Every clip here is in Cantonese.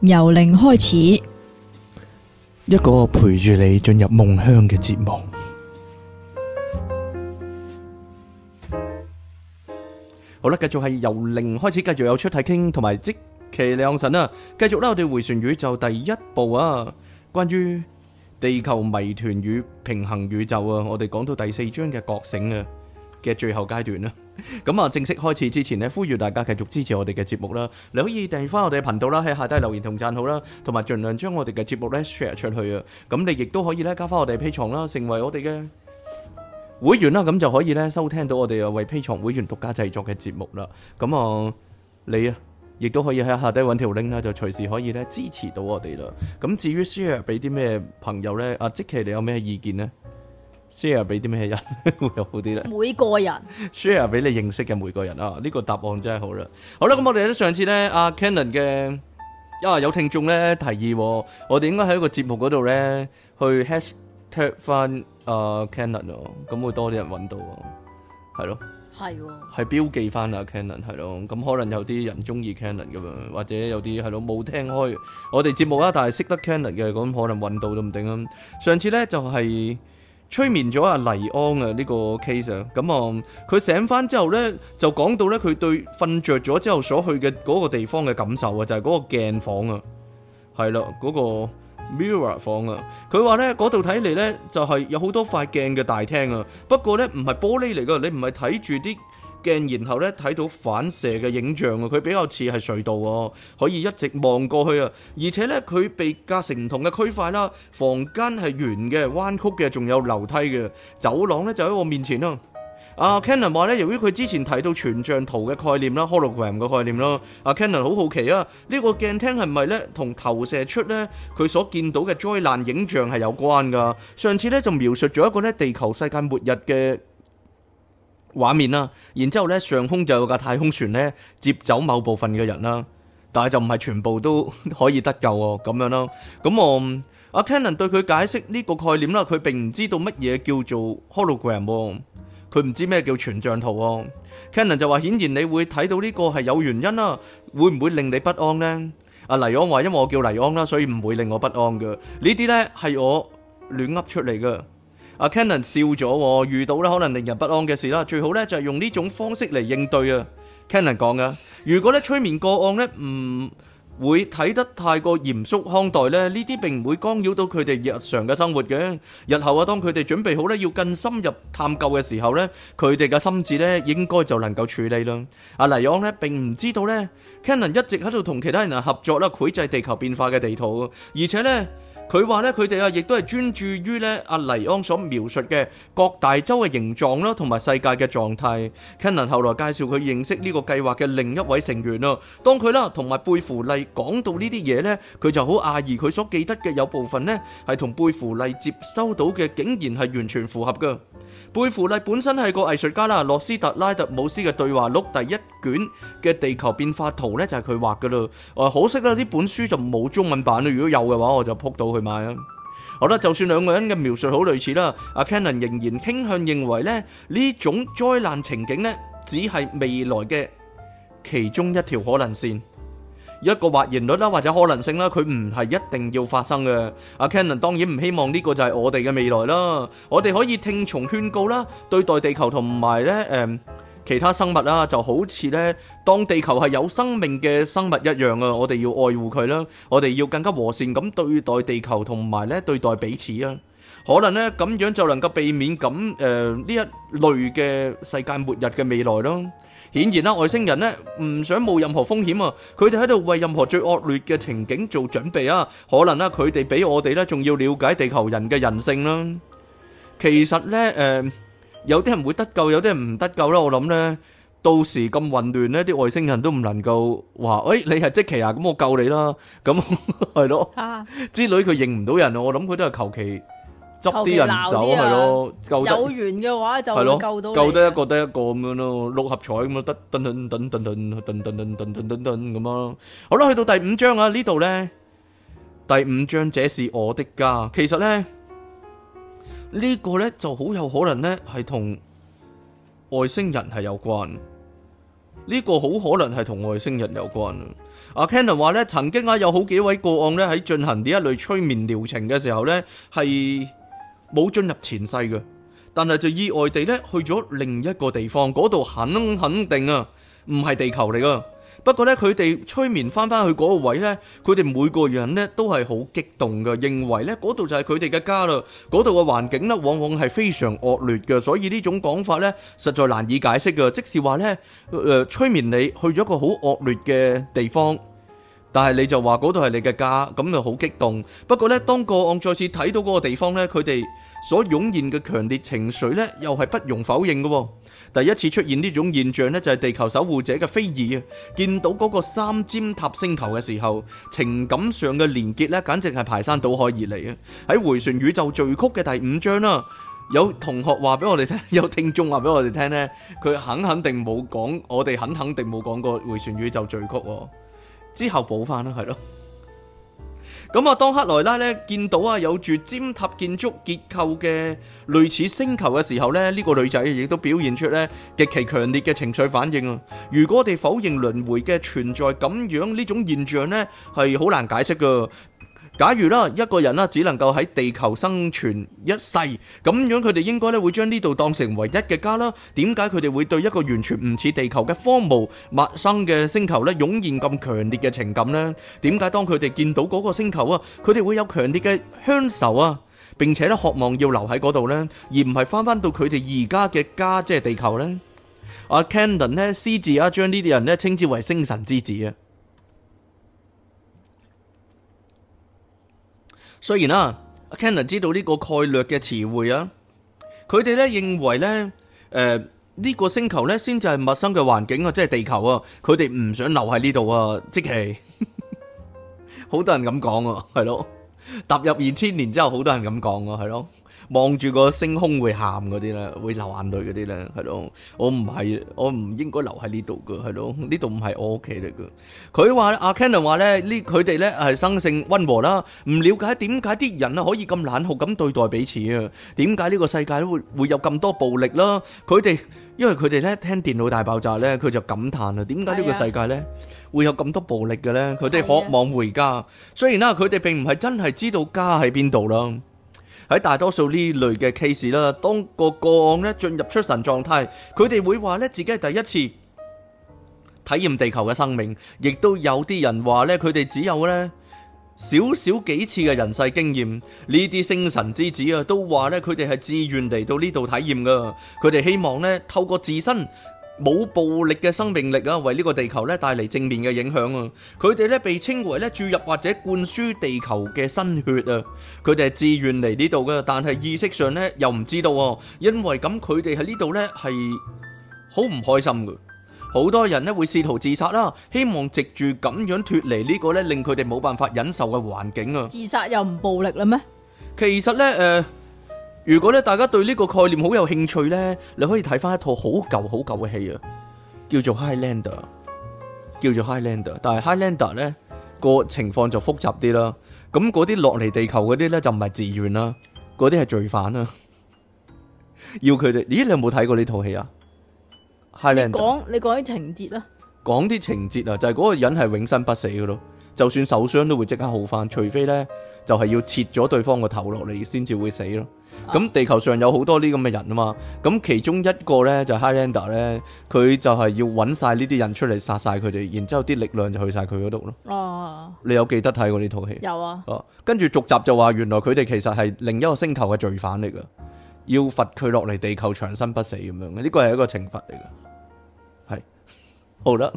由零開始，一個陪住你進入夢鄉嘅節目。好啦，繼續係由零開始，繼續有出太傾同埋即其良神啊！繼續啦，我哋回旋宇宙第一部啊，關於地球謎團與平衡宇宙啊，我哋講到第四章嘅覺醒啊嘅最後階段啦、啊。咁啊，正式開始之前咧，呼籲大家繼續支持我哋嘅節目啦！你可以訂閱翻我哋嘅頻道啦，喺下低留言同讚好啦，同埋盡量將我哋嘅節目咧 share 出去啊！咁你亦都可以咧加翻我哋 Patreon 啦，成為我哋嘅會員啦，咁就可以咧收聽到我哋啊為 Patreon 會員獨家製作嘅節目啦！咁啊，你啊亦都可以喺下低揾條 link 啦，就隨時可以咧支持到我哋啦！咁至於 share 俾啲咩朋友咧，阿、啊、即係你有咩意見呢？share 俾啲咩人會有好啲咧？每個人 share 俾你認識嘅每個人啊！呢、這個答案真係好啦。嗯、好啦，咁我哋咧上次咧阿 Canon 嘅因為，啊有聽眾咧提議、哦，我哋應該喺個節目嗰度咧去 hashtag 翻阿 Canon 咯，咁、啊、會多啲人揾到啊，係咯、哦，係係、哦、標記翻阿 Canon 係咯，咁、哦、可能有啲人中意 Canon 咁樣，或者有啲係咯冇聽開我哋節目啦，但係識得 Canon 嘅咁可能揾到都唔定啦。上次咧就係、是。催眠咗阿黎安啊呢個 case 啊，咁啊佢醒翻之後咧就講到咧佢對瞓着咗之後所去嘅嗰個地方嘅感受啊，就係嗰個鏡房啊，係啦嗰個 mirror 房啊，佢話咧嗰度睇嚟咧就係有好多塊鏡嘅大廳啊，不過咧唔係玻璃嚟噶，你唔係睇住啲。鏡，然後咧睇到反射嘅影像，佢比較似係隧道喎，可以一直望過去啊！而且咧，佢被隔成唔同嘅區塊啦，房間係圓嘅、彎曲嘅，仲有樓梯嘅走廊咧，就喺我面前啦。阿 Cannon 話咧，由於佢之前睇到全像圖嘅概念啦 ，Hologram 嘅概念啦，阿 Cannon 好好奇啊！呢、這個鏡廳係咪係咧同投射出咧佢所見到嘅災難影像係有關噶？上次咧就描述咗一個咧地球世界末日嘅。畫面啦、啊，然之後咧上空就有架太空船咧接走某部分嘅人啦、啊，但係就唔係全部都可以得救喎、啊，咁樣咯、啊。咁、嗯、我阿、啊、Cannon 對佢解釋呢個概念啦、啊，佢並唔知道乜嘢叫做 hologram，佢、啊、唔知咩叫全像圖、啊。Cannon 就話：顯然你會睇到呢個係有原因啦、啊，會唔會令你不安呢？啊」阿黎安話：因為我叫黎安啦，所以唔會令我不安嘅。呢啲咧係我亂噏出嚟嘅。阿 Cannon 笑咗，遇到咧可能令人不安嘅事啦，最好咧就係用呢種方式嚟應對啊。Cannon 講噶，如果咧催眠個案咧唔會睇得太過嚴肅看待咧，呢啲並唔會干擾到佢哋日常嘅生活嘅。日後啊，當佢哋準備好咧要更深入探究嘅時候咧，佢哋嘅心智咧應該就能夠處理啦。阿黎安咧並唔知道咧，Cannon 一直喺度同其他人合作啦繪製地球變化嘅地圖，而且咧。佢話咧，佢哋啊，亦都係專注於咧阿尼安所描述嘅各大洲嘅形狀啦，同埋世界嘅狀態。肯能後來介紹佢認識呢個計劃嘅另一位成員啊。當佢啦同埋貝芙麗講到呢啲嘢咧，佢就好訝異佢所記得嘅有部分呢係同貝芙麗接收到嘅，竟然係完全符合噶。貝芙麗本身係個藝術家啦，《洛斯特拉特姆斯》嘅對話錄第一卷嘅地球變化圖咧就係佢畫噶咯。誒、呃、可惜啦，呢本書就冇中文版啦。如果有嘅話，我就撲到，去買啊！好啦，就算兩個人嘅描述好類似啦，阿 Cannon 仍然傾向認為咧呢種災難情景咧只係未來嘅其中一條可能線，一個或然率啦或者可能性啦，佢唔係一定要發生嘅。阿 Cannon 當然唔希望呢個就係我哋嘅未來啦，我哋可以聽從勸告啦，對待地球同埋咧誒。其他生物啦，就好似咧，當地球係有生命嘅生物一樣啊！我哋要愛護佢啦，我哋要更加和善咁對待地球同埋咧對待彼此啊！可能咧咁樣就能夠避免咁誒呢一類嘅世界末日嘅未來咯。顯然啦，外星人咧唔想冒任何風險啊！佢哋喺度為任何最惡劣嘅情景做準備啊！可能咧，佢哋比我哋咧仲要了解地球人嘅人性啦。其實咧誒。有啲人會得救，有啲人唔得救啦。我諗咧，到時咁混亂咧，啲外星人都唔能夠話，誒，你係即其啊，咁我救你啦。咁係咯，之類佢認唔到人咯。我諗佢都係求其執啲人走，係咯，救有緣嘅話就係咯，救得一個得一個咁樣咯。六合彩咁啊，得，等等等等等等等等等等咁啊。好啦，去到第五章啊，呢度咧，第五章，這是我的家。其實咧。呢個咧就好有可能咧係同外星人係有關，呢個好可能係同外星人有關,、這個、人有關啊 Cannon 話咧，曾經啊有好幾位個案咧喺進行呢一類催眠療程嘅時候咧係冇進入前世嘅，但係就意外地咧去咗另一個地方，嗰度肯肯定啊，唔係地球嚟噶。不過咧，佢哋催眠翻翻去嗰個位咧，佢哋每個人咧都係好激動嘅，認為咧嗰度就係佢哋嘅家啦。嗰度嘅環境咧，往往係非常惡劣嘅，所以呢種講法咧，實在難以解釋嘅。即係話咧，誒、呃、催眠你去咗個好惡劣嘅地方。但係你就話嗰度係你嘅家，咁就好激動。不過呢，當個案再次睇到嗰個地方呢，佢哋所湧現嘅強烈情緒呢，又係不容否認嘅。第一次出現呢種現象呢，就係地球守護者嘅飛兒啊，見到嗰個三尖塔星球嘅時候，情感上嘅連結呢，簡直係排山倒海而嚟啊。喺回旋宇宙序曲嘅第五章啦，有同學話俾我哋聽，有聽眾話俾我哋聽呢，佢肯肯定冇講，我哋肯肯定冇講過回旋宇宙序曲。之後補翻啦，係咯。咁 啊、嗯，當克萊拉咧見到啊有住尖塔建築結構嘅類似星球嘅時候咧，呢、呢個女仔亦都表現出咧極其強烈嘅情緒反應啊！如果我哋否認輪迴嘅存在樣，咁樣呢種現象呢係好難解釋噶。假如啦，一個人啦，只能夠喺地球生存一世，咁樣佢哋應該咧會將呢度當成唯一嘅家啦。點解佢哋會對一個完全唔似地球嘅荒蕪陌生嘅星球咧，湧現咁強烈嘅情感呢？點解當佢哋見到嗰個星球啊，佢哋會有強烈嘅鄉愁啊，並且咧渴望要留喺嗰度呢，而唔係返返到佢哋而家嘅家，即係地球呢？阿 Cannon 咧，私自啊，將呢啲、啊、人咧稱之為星神之子啊。雖然啊，阿 Kenner 知道呢個概略嘅詞彙啊，佢哋咧認為咧，誒、呃、呢、呢個星球咧先至係陌生嘅環境啊，即係地球啊，佢哋唔想留喺呢度啊，即係，好 多人咁講啊，係咯，踏入二千年之後，好多人咁講啊，係咯。望住個星空會喊嗰啲咧，會流眼淚嗰啲咧，係咯，我唔係，我唔應該留喺、啊、呢度㗎，係咯，呢度唔係我屋企嚟㗎。佢話阿 Kennen 話咧，呢佢哋咧係生性溫和啦，唔了解點解啲人啊可以咁冷酷咁對待彼此啊？點解呢個世界會會有咁多暴力啦？佢哋因為佢哋咧聽電腦大爆炸咧，佢就感嘆啊，點解呢個世界咧、哎、呀會有咁多暴力嘅咧？佢哋渴望回家，哎、呀雖然啦，佢哋並唔係真係知道家喺邊度啦。喺大多數呢類嘅 case 啦，當個個案咧進入出神狀態，佢哋會話咧自己係第一次體驗地球嘅生命，亦都有啲人話咧佢哋只有咧少少幾次嘅人世經驗。呢啲星神之子啊，都話咧佢哋係自願嚟到呢度體驗噶，佢哋希望咧透過自身。冇暴力嘅生命力啊，為呢個地球咧帶嚟正面嘅影響啊！佢哋咧被稱為咧注入或者灌輸地球嘅新血啊！佢哋係自願嚟呢度嘅，但係意識上咧又唔知道，因為咁佢哋喺呢度咧係好唔開心嘅。好多人咧會試圖自殺啦，希望藉住咁樣脫離呢個咧令佢哋冇辦法忍受嘅環境啊！自殺又唔暴力啦咩？其實咧誒。如果咧大家對呢個概念，好有興趣咧，你可以睇翻一套好舊好舊嘅戲啊，叫做《Highlander》，叫做《Highlander》。但係《Highlander》咧個情況就複雜啲啦。咁嗰啲落嚟地球嗰啲咧就唔係自願啦，嗰啲係罪犯啊。要佢哋咦？你有冇睇過呢套戲啊？《Highlander》講，你講啲情節啊，講啲情節啊，就係嗰個人係永生不死嘅咯。就算受傷都會即刻好翻，除非呢，就係、是、要切咗對方個頭落嚟先至會死咯。咁、啊、地球上有好多呢咁嘅人啊嘛，咁其中一個呢，就是、Highlander 呢，佢就係要揾晒呢啲人出嚟殺晒佢哋，然之後啲力量就去晒佢嗰度咯。哦、啊，你有記得睇過呢套戲？有啊。跟住、啊、續集就話原來佢哋其實係另一個星球嘅罪犯嚟噶，要罰佢落嚟地球長生不死咁樣，呢個係一個懲罰嚟噶，係 好啦。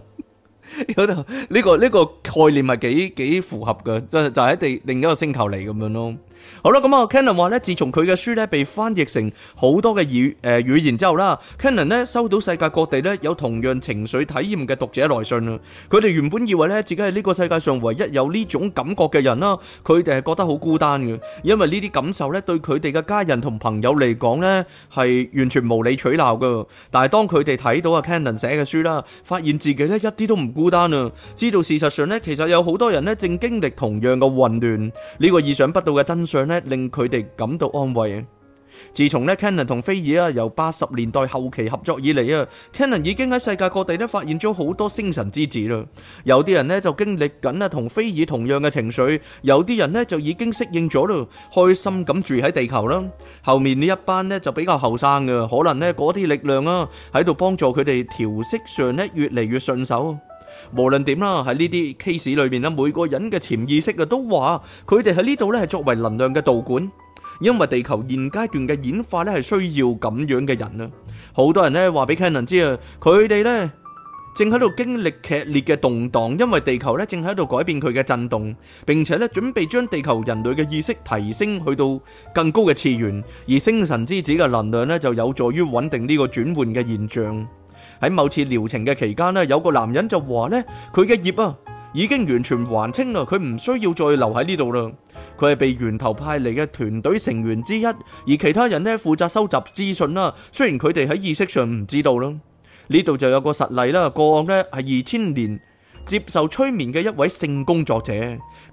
嗰度呢個呢、呢個概念係幾幾符合嘅，即係就喺、是就是、地另一個星球嚟咁樣咯。好啦，咁啊，Cannon 話咧，自從佢嘅書咧被翻譯成好多嘅語誒語言之後啦，Cannon 咧收到世界各地咧有同樣情緒體驗嘅讀者來信啊，佢哋原本以為咧自己係呢個世界上唯一有呢種感覺嘅人啦，佢哋係覺得好孤單嘅，因為呢啲感受咧對佢哋嘅家人同朋友嚟講咧係完全無理取鬧噶。但係當佢哋睇到阿 Cannon 寫嘅書啦，發現自己咧一啲都唔孤單啊，知道事實上咧其實有好多人咧正經歷同樣嘅混亂，呢個意想不到嘅真。上呢令佢哋感到安慰。自從呢 Cannon 同菲爾啊由八十年代後期合作以嚟啊，Cannon 已經喺世界各地呢發現咗好多星神之子啦。有啲人呢就經歷緊啊同菲爾同樣嘅情緒，有啲人呢就已經適應咗啦，開心咁住喺地球啦。後面呢一班呢就比較後生嘅，可能呢嗰啲力量啊喺度幫助佢哋調息上呢越嚟越順手。無論點啦，喺呢啲 case 裏邊咧，每個人嘅潛意識啊都話，佢哋喺呢度咧係作為能量嘅導管，因為地球現階段嘅演化咧係需要咁樣嘅人啦。好多人咧話俾 Cannon 知啊，佢哋咧正喺度經歷劇烈嘅動盪，因為地球咧正喺度改變佢嘅震動，並且咧準備將地球人類嘅意識提升去到更高嘅次元，而星辰之子嘅能量咧就有助於穩定呢個轉換嘅現象。喺某次療程嘅期間呢，有個男人就話呢，佢嘅業啊已經完全還清啦，佢唔需要再留喺呢度啦。佢係被源頭派嚟嘅團隊成員之一，而其他人呢，負責收集資訊啦。雖然佢哋喺意識上唔知道啦，呢度就有個實例啦。個案呢係二千年，接受催眠嘅一位性工作者，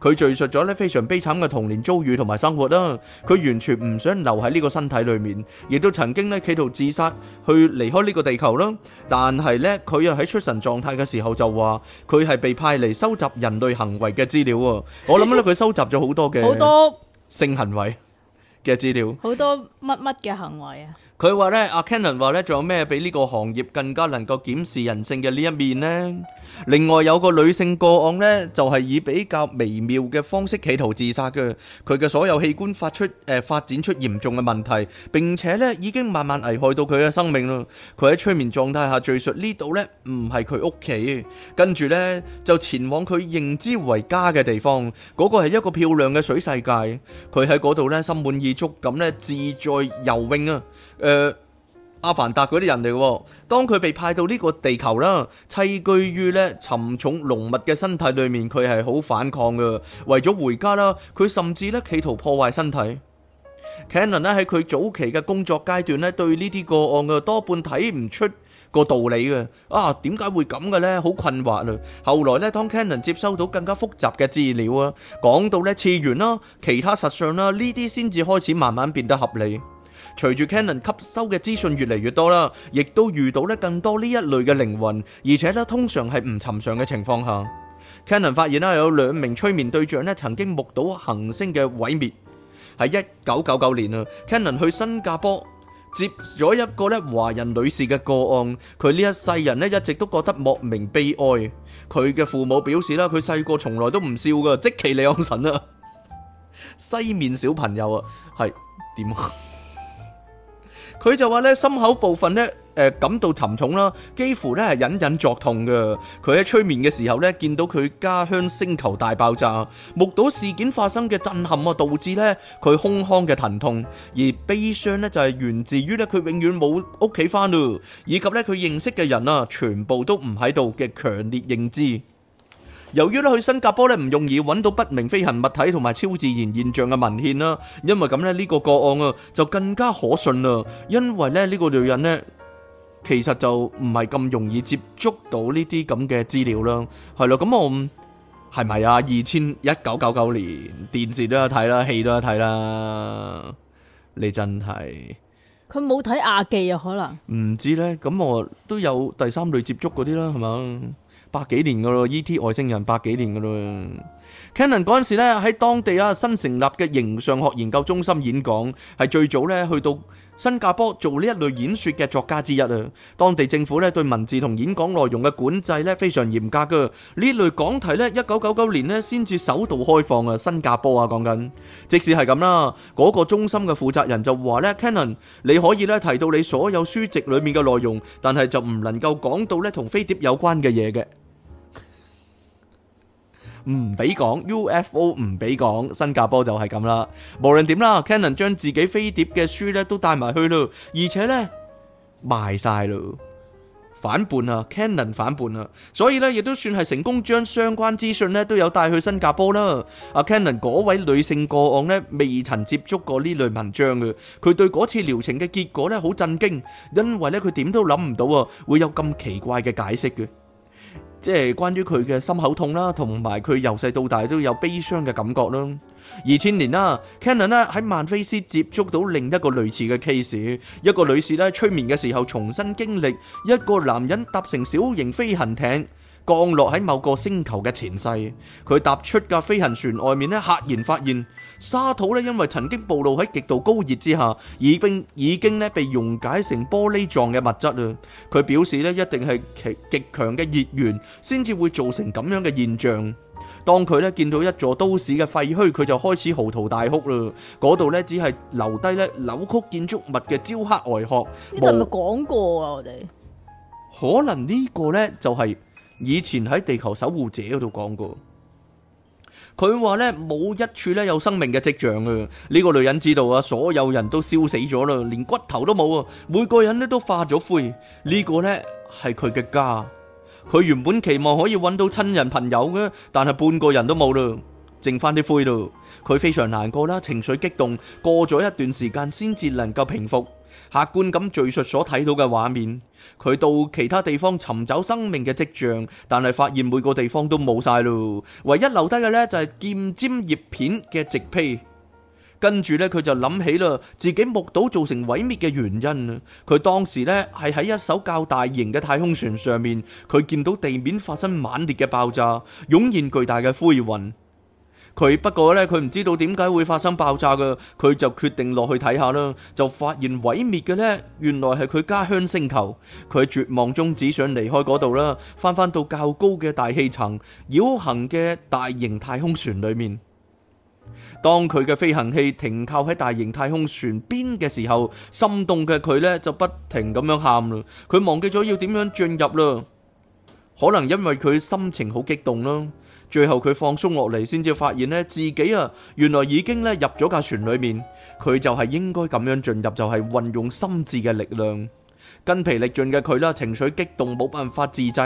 佢敘述咗呢非常悲慘嘅童年遭遇同埋生活啦。佢完全唔想留喺呢個身體裏面，亦都曾經呢企圖自殺去離開呢個地球啦。但係呢，佢又喺出神狀態嘅時候就話，佢係被派嚟收集人類行為嘅資料。我諗咧，佢收集咗好多嘅好多性行為嘅資料，好多乜乜嘅行為啊。佢話咧，阿 Kenan 話咧，仲有咩比呢個行業更加能夠檢視人性嘅呢一面呢？另外有個女性個案呢，就係、是、以比較微妙嘅方式企圖自殺嘅。佢嘅所有器官發出誒、呃、發展出嚴重嘅問題，並且呢已經慢慢危害到佢嘅生命咯。佢喺催眠狀態下敘述呢度呢唔係佢屋企，跟住呢就前往佢認知為家嘅地方。嗰、那個係一個漂亮嘅水世界，佢喺嗰度呢心滿意足咁呢自在游泳啊！誒、呃，阿凡達嗰啲人嚟嘅，當佢被派到呢個地球啦，棲居於呢沉重濃密嘅身體裏面，佢係好反抗嘅。為咗回家啦，佢甚至呢企圖破壞身體。Cannon 呢喺佢早期嘅工作階段呢，對呢啲個案嘅多半睇唔出個道理嘅。啊，點解會咁嘅呢？好困惑啊！後來呢，當 Cannon 接收到更加複雜嘅資料啊，講到呢次元啦、其他實相啦，呢啲先至開始慢慢變得合理。隨住 Canon 吸收嘅資訊越嚟越多啦，亦都遇到咧更多呢一類嘅靈魂，而且咧通常係唔尋常嘅情況下 Canon 發現啦有兩名催眠對象咧曾經目睹行星嘅毀滅，喺一九九九年啊。Canon 去新加坡接咗一個咧華人女士嘅個案，佢呢一世人呢一直都覺得莫名悲哀。佢嘅父母表示啦，佢細個從來都唔笑噶，即奇李昂神啊， 西面小朋友啊，係點佢就話咧心口部分咧，誒、呃、感到沉重啦，幾乎咧係隱隱作痛嘅。佢喺催眠嘅時候咧，見到佢家鄉星球大爆炸，目睹事件發生嘅震撼啊，導致咧佢胸腔嘅疼痛。而悲傷咧就係、是、源自於咧佢永遠冇屋企返咯，以及咧佢認識嘅人啊，全部都唔喺度嘅強烈認知。由於咧去新加坡咧唔容易揾到不明飛行物體同埋超自然現象嘅文獻啦，因為咁咧呢個個案啊就更加可信啦。因為咧呢個女人咧其實就唔係咁容易接觸到呢啲咁嘅資料啦。係咯，咁我係咪啊？二千一九九九年電視都有睇啦，戲都有睇啦。你真係佢冇睇亞記啊？可能唔知咧。咁我都有第三類接觸嗰啲啦，係咪啊？百幾年噶咯，ET 外星人百幾年噶咯。Cannon 嗰陣時咧，喺當地啊新成立嘅形上學研究中心演講，係最早咧去到。新加坡做呢一類演說嘅作家之一啊，當地政府咧對文字同演講內容嘅管制咧非常嚴格嘅。呢類講題咧，一九九九年咧先至首度開放啊。新加坡啊，講緊，即使係咁啦，嗰個中心嘅負責人就話咧，Cannon，你可以咧提到你所有書籍裡面嘅內容，但係就唔能夠講到咧同飛碟有關嘅嘢嘅。唔俾講 UFO 唔俾講，新加坡就係咁啦。無論點啦，Canon 將自己飛碟嘅書咧都帶埋去啦，而且咧賣晒啦。反叛啊，Canon 反叛啊，所以咧亦都算係成功將相關資訊咧都有帶去新加坡啦。阿 Canon 嗰位女性個案咧未曾接觸過呢類文章嘅，佢對嗰次療程嘅結果咧好震驚，因為咧佢點都諗唔到啊會有咁奇怪嘅解釋嘅。即係關於佢嘅心口痛啦，同埋佢由細到大都有悲傷嘅感覺啦。二千年啦，Cannon 咧喺曼菲斯接觸到另一個類似嘅 case，一個女士咧催眠嘅時候重新經歷一個男人搭乘小型飛行艇降落喺某個星球嘅前世，佢踏出架飛行船外面呢赫然發現，沙土咧，因為曾經暴露喺極度高熱之下，已經已經咧被溶解成玻璃狀嘅物質啊！佢表示咧，一定係極極強嘅熱源，先至會造成咁樣嘅現象。當佢咧見到一座都市嘅廢墟，佢就開始嚎啕大哭啦！嗰度咧只係留低咧扭曲建築物嘅焦黑外殼。呢度係咪講過啊？我哋可能呢個咧就係以前喺地球守護者嗰度講過。佢話咧冇一處咧有生命嘅跡象啊！呢個女人知道啊，所有人都燒死咗啦，連骨頭都冇啊，每個人咧都化咗灰。呢個咧係佢嘅家，佢原本期望可以揾到親人朋友嘅，但係半個人都冇啦，剩翻啲灰啦。佢非常難過啦，情緒激動。過咗一段時間先至能夠平復。客觀咁敘述所睇到嘅畫面，佢到其他地方尋找生命嘅跡象，但係發現每個地方都冇晒咯。唯一留低嘅呢，就係劍尖葉片嘅植被。跟住呢，佢就諗起啦，自己目睹造成毀滅嘅原因。佢當時呢，係喺一艘較大型嘅太空船上面，佢見到地面發生猛烈嘅爆炸，湧現巨大嘅灰雲。佢不過呢，佢唔知道點解會發生爆炸㗎，佢就決定落去睇下啦。就發現毀滅嘅呢，原來係佢家鄉星球。佢喺絕望中只想離開嗰度啦，翻返到較高嘅大氣層，繞行嘅大型太空船裏面。當佢嘅飛行器停靠喺大型太空船邊嘅時候，心動嘅佢呢，就不停咁樣喊啦。佢忘記咗要點樣進入啦，可能因為佢心情好激動啦。最後佢放鬆落嚟，先至發現咧自己啊，原來已經咧入咗架船裏面。佢就係應該咁樣進入，就係運用心智嘅力量。筋疲力盡嘅佢啦，情緒激動，冇辦法自制。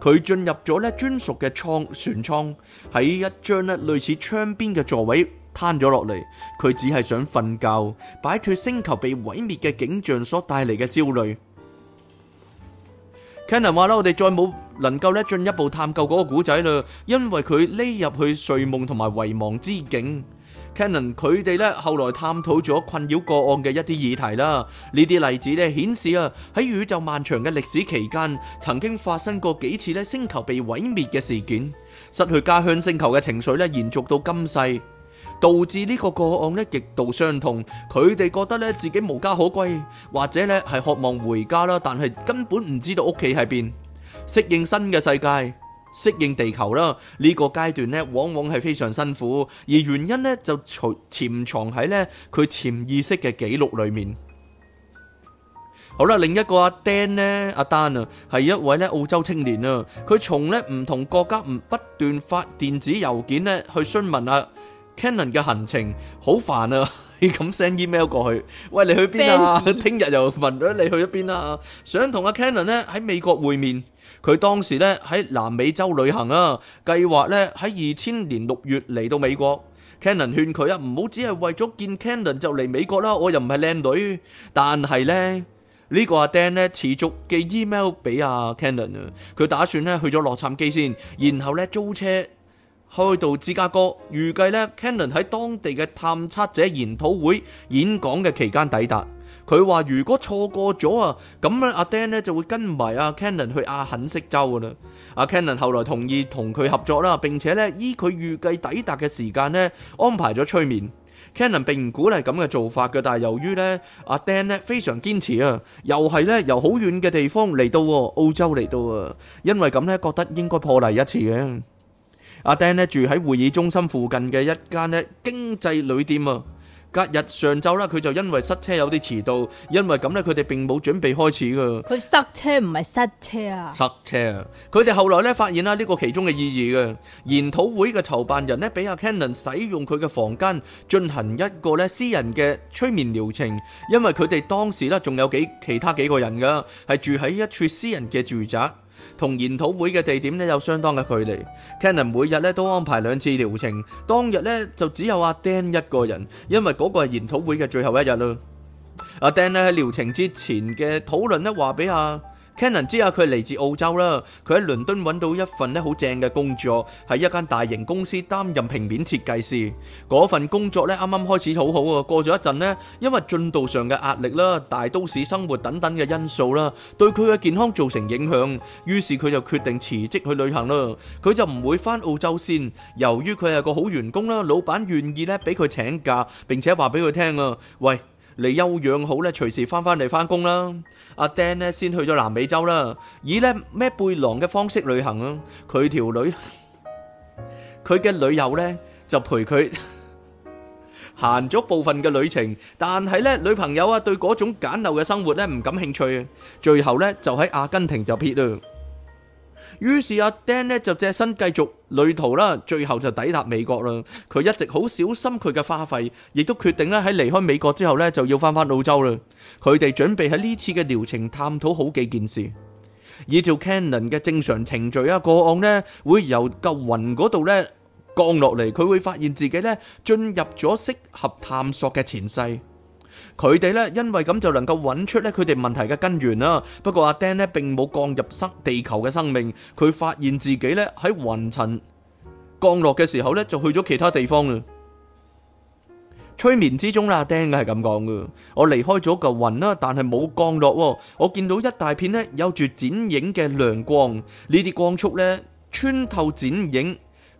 佢進入咗咧專屬嘅艙船艙，喺一張咧類似窗邊嘅座位攤咗落嚟。佢只係想瞓覺，擺脫星球被毀滅嘅景象所帶嚟嘅焦慮。Cannon 話啦，我哋再冇能夠咧進一步探究嗰個古仔啦，因為佢匿入去睡夢同埋遺忘之境。Cannon 佢哋咧後來探討咗困擾個案嘅一啲議題啦，呢啲例子咧顯示啊喺宇宙漫長嘅歷史期間，曾經發生過幾次咧星球被毀滅嘅事件，失去家鄉星球嘅情緒咧延續到今世。導致呢個個案咧極度傷痛，佢哋覺得咧自己無家可歸，或者咧係渴望回家啦，但係根本唔知道屋企喺邊，適應新嘅世界，適應地球啦。呢個階段咧，往往係非常辛苦，而原因咧就藏潛藏喺咧佢潛意識嘅記錄裏面。好啦，另一個阿丹咧，阿丹啊，係一位咧澳洲青年啊，佢從咧唔同國家唔不斷發電子郵件咧去詢問啊。Canon 嘅行程好煩啊，要 咁 send email 過去，喂你去邊啊？聽日 Ben z? 又問咗你去咗邊啊？想同阿 Canon 咧喺美國會面。佢當時咧喺南美洲旅行啊，計劃咧喺二千年六月嚟到美國。 Canon 勸佢啊，唔好只係為咗見 Canon 就嚟美國啦，我又唔係靚女。但係咧呢個阿 Dan 咧持續寄 email 俾阿 Canon 啊，佢打算咧去咗洛杉磯先，然後咧租車。開到芝加哥，預計咧 Cannon 喺當地嘅探測者研討會演講嘅期間抵達。佢話：如果錯過咗啊，咁樣阿 Dan 咧就會跟埋阿 Cannon 去阿肯色州噶啦。阿 Cannon 後來同意同佢合作啦，並且咧依佢預計抵達嘅時間咧安排咗催眠。Cannon 並唔鼓勵咁嘅做法嘅，但係由於咧阿 Dan 咧非常堅持啊，又係咧由好遠嘅地方嚟到澳洲嚟到啊，因為咁咧覺得應該破例一次嘅。阿 Dan 咧住喺會議中心附近嘅一間咧經濟旅店啊，隔日上晝啦，佢就因為塞車有啲遲到，因為咁咧佢哋並冇準備開始噶。佢塞車唔係塞車啊，塞車啊！佢哋後來咧發現啦，呢個其中嘅意義嘅，研討會嘅籌辦人咧俾阿 Cannon 使用佢嘅房間進行一個咧私人嘅催眠療程，因為佢哋當時咧仲有幾其他幾個人噶，係住喺一處私人嘅住宅。同研討會嘅地點咧有相當嘅距離，Cannon 每日咧都安排兩次療程，當日咧就只有阿 Dan 一個人，因為嗰個係研討會嘅最後一日啦。阿 Dan 咧喺療程之前嘅討論咧話俾阿 Canon 知啊，佢嚟自澳洲啦。佢喺倫敦揾到一份呢好正嘅工作，喺一間大型公司擔任平面設計師。嗰份工作呢啱啱開始好好啊，過咗一陣呢，因為進度上嘅壓力啦、大都市生活等等嘅因素啦，對佢嘅健康造成影響。於是佢就決定辭職去旅行啦。佢就唔會返澳洲先。由於佢係個好員工啦，老闆願意呢俾佢請假，並且話俾佢聽啊，喂。你休養好咧，隨時翻返嚟翻工啦。阿 Dan 咧先去咗南美洲啦，以咧咩背囊嘅方式旅行啊。佢條女，佢嘅女友咧就陪佢行咗部分嘅旅程，但係咧女朋友啊對嗰種簡陋嘅生活咧唔感興趣，最後咧就喺阿根廷就撇啦。於是阿丹呢，就隻身繼續旅途啦，最後就抵達美國啦。佢一直好小心佢嘅花費，亦都決定咧喺離開美國之後呢，就要翻返澳洲啦。佢哋準備喺呢次嘅療程探討好幾件事。依照 Cannon 嘅正常程序啊，個案呢會由舊雲嗰度呢降落嚟，佢會發現自己呢，進入咗適合探索嘅前世。佢哋呢，因為咁就能夠揾出咧佢哋問題嘅根源啦。不過阿丁呢，並冇降入生地球嘅生命，佢發現自己呢，喺雲層降落嘅時候呢，就去咗其他地方啦。催眠之中啦，阿丁係咁講噶，我離開咗嚿雲啦，但係冇降落。我見到一大片呢，有住剪影嘅亮光，呢啲光束呢，穿透剪影。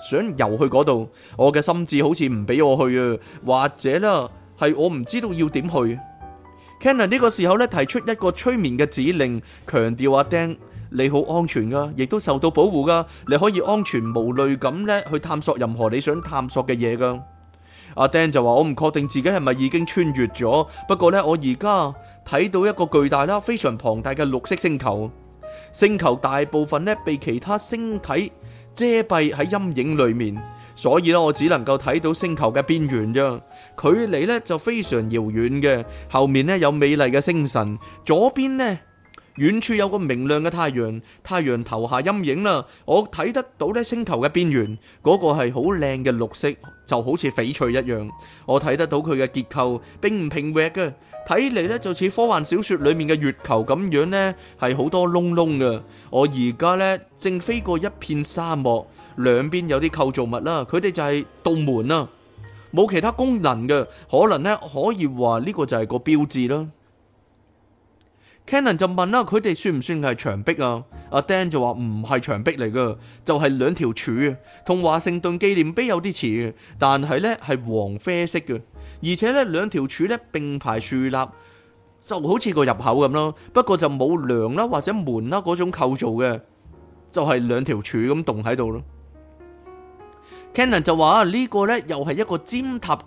想遊去嗰度，我嘅心智好似唔俾我去啊，或者啦，係我唔知道要點去。Cannon 呢個時候咧提出一個催眠嘅指令，強調阿丁你好安全噶，亦都受到保護噶，你可以安全無慮咁咧去探索任何你想探索嘅嘢噶。阿丁，啊、就話我唔確定自己係咪已經穿越咗，不過呢，我而家睇到一個巨大啦，非常龐大嘅綠色星球，星球大部分呢，被其他星體，遮蔽喺陰影裏面，所以我只能夠睇到星球嘅邊緣，距離呢就非常遙遠嘅。後面呢有美麗嘅星辰，左邊呢。遠處有個明亮嘅太陽，太陽投下陰影啦。我睇得到咧星球嘅邊緣，嗰、那個係好靚嘅綠色，就好似翡翠一樣。我睇得到佢嘅結構並，並唔平滑嘅，睇嚟咧就似科幻小說裏面嘅月球咁樣咧，係好多窿窿嘅。我而家咧正飛過一片沙漠，兩邊有啲構造物啦，佢哋就係道門啦，冇其他功能嘅，可能咧可以話呢個就係個標誌啦。Canon 就問啦，佢哋算唔算係牆壁啊？阿 Dan 就話唔係牆壁嚟嘅，就係兩條柱啊，同華盛頓紀念碑有啲似嘅，但係呢係黃啡色嘅，而且呢兩條柱呢並排豎立，就好似個入口咁咯，不過就冇梁啦或者門啦嗰種構造嘅，就係兩條柱咁棟喺度咯。Canon 就話啊，呢、呢個呢又係一個尖塔。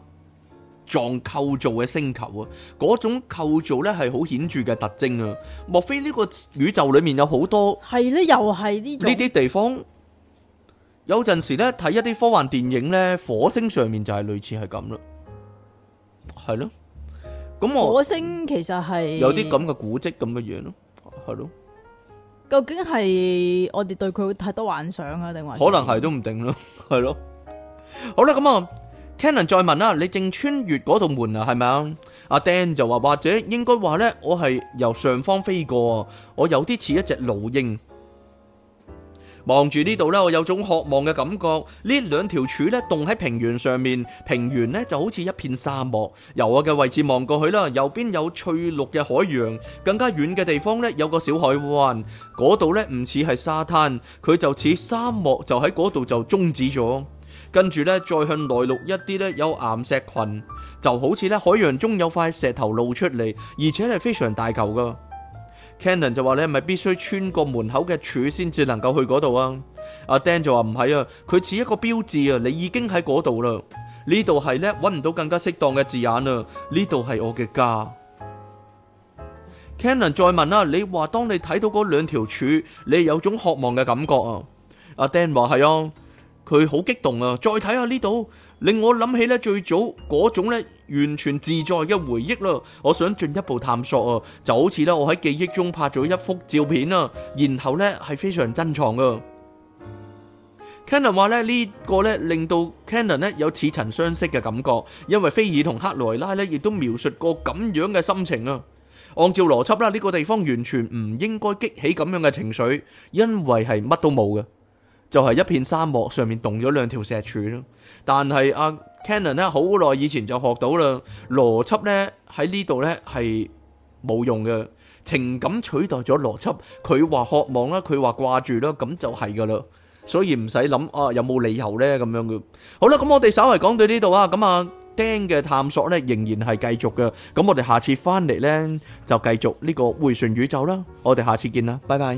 狀構造嘅星球啊，嗰種構造咧係好顯著嘅特徵啊！莫非呢個宇宙裏面有好多係咧？又係呢？呢啲地方有陣時咧睇一啲科幻電影咧，火星上面就係類似係咁咯，係咯。咁我火星其實係有啲咁嘅古蹟咁嘅嘢咯，係咯。究竟係我哋對佢太多幻想啊，定還是可能係都唔定咯，係咯。好啦，咁啊。Cannon 再問啦，你正穿越嗰道門啊，係咪啊？阿 Dan 就話，或者應該話呢，我係由上方飛過，我有啲似一隻老鷹，望住呢度呢，我有種渴望嘅感覺。呢兩條柱呢，凍喺平原上面，平原呢，就好似一片沙漠。由我嘅位置望過去啦，右邊有翠綠嘅海洋，更加遠嘅地方呢，有個小海灣，嗰度呢，唔似係沙灘，佢就似沙漠，就喺嗰度就終止咗。跟住呢，再向內陸一啲呢，有岩石群，就好似呢海洋中有塊石頭露出嚟，而且係非常大嚿噶。Cannon 就話你係咪必須穿過門口嘅柱先至能夠去嗰度啊？阿 Dan 就話唔係啊，佢似一個標誌啊，你已經喺嗰度啦。呢度係呢，揾唔到更加適當嘅字眼啊，呢度係我嘅家。Cannon 再問啊，你話當你睇到嗰兩條柱，你有種渴望嘅感覺啊？阿 Dan 話係啊。佢好激動啊！再睇下呢度，令我諗起咧最早嗰種咧完全自在嘅回憶咯。我想進一步探索啊，就好似咧我喺記憶中拍咗一幅照片啊，然後咧係非常珍藏噶。Cannon 話咧呢個咧令到 Cannon 咧有似曾相識嘅感覺，因為菲爾同克萊拉咧亦都描述過咁樣嘅心情啊。按照邏輯啦，呢個地方完全唔應該激起咁樣嘅情緒，因為係乜都冇嘅。就係一片沙漠上面棟咗兩條石柱咯，但係阿 Canon 咧好耐以前就學到啦，邏輯咧喺呢度咧係冇用嘅，情感取代咗邏輯，佢話渴望啦，佢話掛住啦，咁就係㗎啦，所以唔使諗啊有冇理由咧咁樣㗎。好啦，咁我哋稍為講到呢度啊，咁阿丁嘅探索咧仍然係繼續嘅，咁我哋下次翻嚟咧就繼續呢個迴旋宇宙啦，我哋下次見啦，拜拜。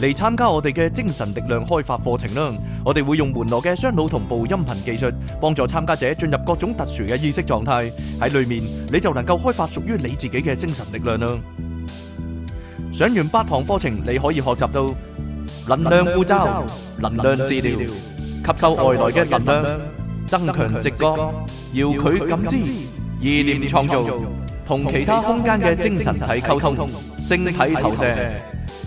嚟參加我哋嘅精神力量開發課程啦！我哋會用門羅嘅雙腦同步音頻技術，幫助參加者進入各種特殊嘅意識狀態。喺裏面你就能夠開發屬於你自己嘅精神力量啦！上完八堂課程，你可以學習到能量護罩、能量治療、吸收外來嘅能量、增強直覺、遙距感知、意念創造、同其他空間嘅精神體溝通、星體投射。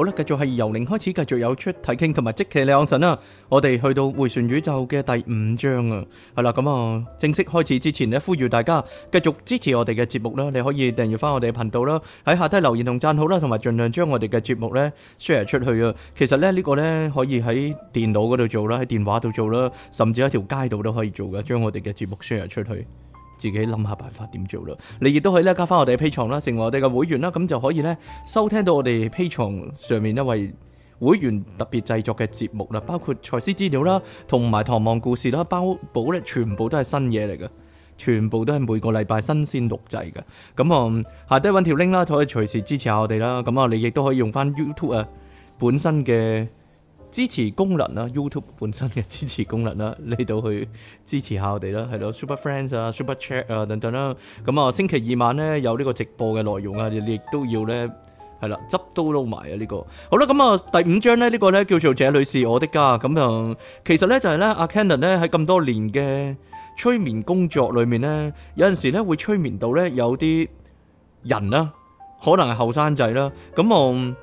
好啦，繼續係由零開始，繼續有出體經同埋積奇兩神啊！我哋去到回旋宇宙嘅第五章啊，係啦咁啊，正式開始之前呢，呼籲大家繼續支持我哋嘅節目啦。你可以訂閱翻我哋頻道啦，喺下低留言同讚好啦，同埋盡量將我哋嘅節目咧 share 出去啊。其實咧呢個呢，可以喺電腦嗰度做啦，喺電話度做啦，甚至喺條街道都可以做噶。將我哋嘅節目 share 出去。自己諗下辦法點做啦。你亦都可以咧加翻我哋嘅 P 床啦，成為我哋嘅會員啦，咁就可以咧收聽到我哋 P 床上面一位會員特別製作嘅節目啦，包括財師資料啦，同埋唐望故事啦，包保咧全部都係新嘢嚟嘅，全部都係每個禮拜新鮮錄製嘅。咁、嗯、啊，下低揾條 link 啦，可以隨時支持下我哋啦。咁啊，你亦都可以用翻 YouTube 啊本身嘅支持功能啦，YouTube 本身嘅支持功能啦，呢度去支持下我哋啦，係咯，Super Friends 啊，Super Chat 啊等等啦。咁、嗯、啊，星期二晚咧有呢個直播嘅內容啊，你亦、嗯、都要咧，係啦，執都攞埋啊呢個。好啦，咁啊第五章咧呢、這個咧叫做這是我的家。咁啊、嗯，其實咧就係、是、咧，阿 Kenneth 咧喺咁多年嘅催眠工作裏面咧，有陣時咧會催眠到咧有啲人啦，可能係後生仔啦，咁啊。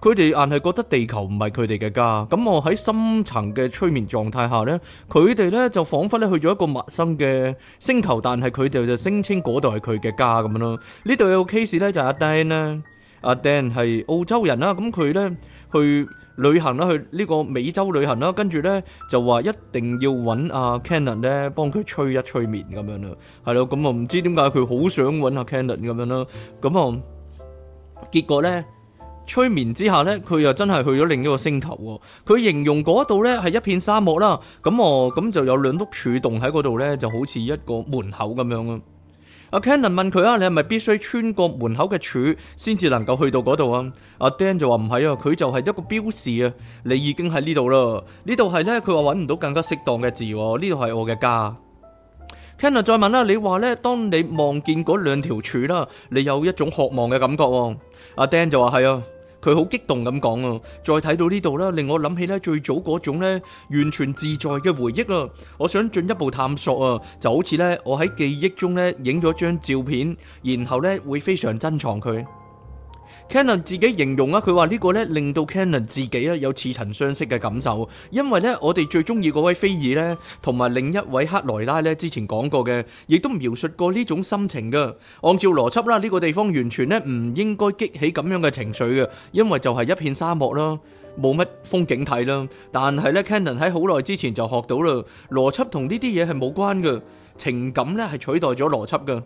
佢哋硬係覺得地球唔係佢哋嘅家，咁我喺深層嘅催眠狀態下咧，佢哋咧就彷彿咧去咗一個陌生嘅星球，但係佢哋就聲稱嗰度係佢嘅家咁樣咯。呢度有個 case 咧，就係阿 Dan 啦，阿 Dan 係澳洲人啦，咁佢咧去旅行啦，去呢個美洲旅行啦，跟住咧就話一定要揾阿 Cannon 咧幫佢催一催眠咁樣啦，係咯，咁我唔知點解佢好想揾阿 Cannon 咁樣啦，咁啊結果咧。催眠之下呢，佢又真係去咗另一個星球喎。佢形容嗰度呢係一片沙漠啦，咁哦，咁就有兩碌柱洞喺嗰度呢，就好似一個門口咁樣啊。阿 Ken 問佢啊，你係咪必須穿過門口嘅柱先至能夠去到嗰度啊？阿 Dan 就話唔係啊，佢就係一個標示啊，你已經喺呢度啦。呢度係呢，佢話揾唔到更加適當嘅字，呢度係我嘅家。Kenna 再問啦，你話呢，當你望見嗰兩條柱啦，你有一種渴望嘅感覺。阿 Dan 就話係啊。佢好激動咁講啊。再睇到呢度咧，令我諗起咧最早嗰種咧完全自在嘅回憶啊。我想進一步探索啊，就好似咧我喺記憶中咧影咗張照片，然後咧會非常珍藏佢。Cannon 自己形容啊，佢話呢個呢令到 Cannon 自己啊有似曾相識嘅感受，因為呢，我哋最中意嗰位菲爾呢，同埋另一位克萊拉呢，之前講過嘅，亦都描述過呢種心情嘅。按照邏輯啦，呢個地方完全呢唔應該激起咁樣嘅情緒嘅，因為就係一片沙漠啦，冇乜風景睇啦。但係呢，Cannon 喺好耐之前就學到啦，邏輯同呢啲嘢係冇關嘅，情感呢係取代咗邏輯嘅。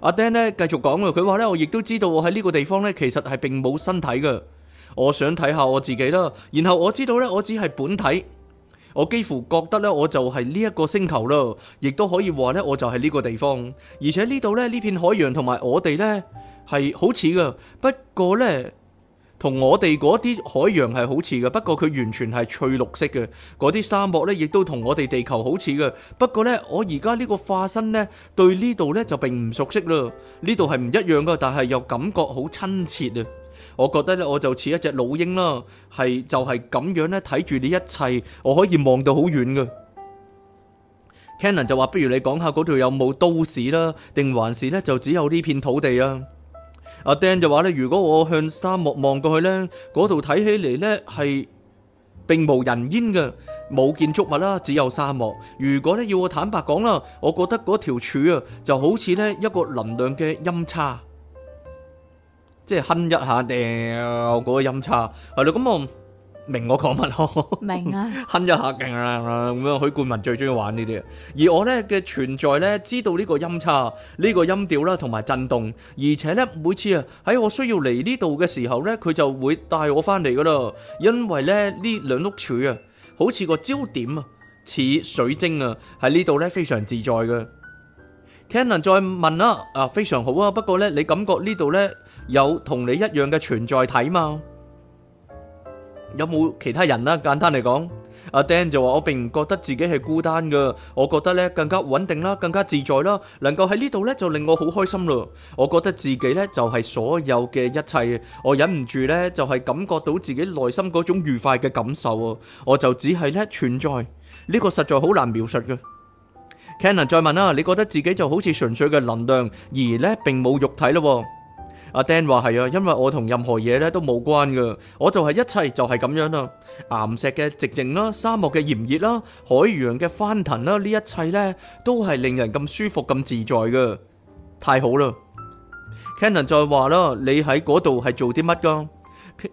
阿 Dan 咧，繼續講喎，佢話咧，我亦都知道我喺呢個地方咧，其實係並冇身體嘅。我想睇下我自己啦，然後我知道咧，我只係本體，我幾乎覺得咧，我就係呢一個星球咯，亦都可以話咧，我就係呢個地方，而且呢度咧，呢片海洋同埋我哋咧，係好似嘅，不過咧。同我哋嗰啲海洋係好似嘅，不過佢完全係翠綠色嘅。嗰啲沙漠咧，亦都同我哋地球好似嘅。不過咧，我而家呢個化身咧，對呢度咧就並唔熟悉咯。呢度係唔一樣嘅，但係又感覺好親切啊！我覺得咧，我就似一隻老鷹啦，係就係、是、咁樣咧睇住你一切，我可以望到好遠嘅。Cannon 就話：不如你講下嗰度有冇都市啦、啊，定還是咧就只有呢片土地啊？阿 Dan 就話咧，如果我向沙漠望過去咧，嗰度睇起嚟咧係並無人煙嘅，冇建築物啦，只有沙漠。如果咧要我坦白講啦，我覺得嗰條柱啊就好似咧一個能量嘅音叉，即係哼一下調嗰、那個音叉，係啦，咁我。明我講乜咯？呵呵明啊哼！哼一下勁啦，咁樣許冠文最中意玩呢啲。而我咧嘅存在咧，知道呢個音叉，呢、呢個音調啦，同埋震動。而且咧，每次啊喺我需要嚟呢度嘅時候咧，佢就會帶我翻嚟噶啦。因為咧呢兩碌柱啊，好似個焦點啊，似水晶啊，喺呢度咧非常自在嘅。Canon 再問啦，啊非常好啊，不過咧你感覺呢度咧有同你一樣嘅存在體嘛？有冇其他人啦？簡單嚟講，阿 Dan 就話：我並唔覺得自己係孤單嘅，我覺得咧更加穩定啦，更加自在啦，能夠喺呢度咧就令我好開心咯。我覺得自己咧就係、是、所有嘅一切，我忍唔住咧就係、是、感覺到自己內心嗰種愉快嘅感受啊！我就只係咧存在，呢、這個實在好難描述嘅。Cannon 再問啦：你覺得自己就好似純粹嘅能量，而呢並冇肉體咯、哦？阿 Dan 話係啊，因為我同任何嘢咧都冇關噶，我就係一切就係咁樣啦、啊。岩石嘅寂靜、啊、啦，沙漠嘅炎熱啦、啊，海洋嘅翻騰啦、啊，呢一切咧都係令人咁舒服咁自在嘅，太好啦。Cannon 再話啦，你喺嗰度係做啲乜噶？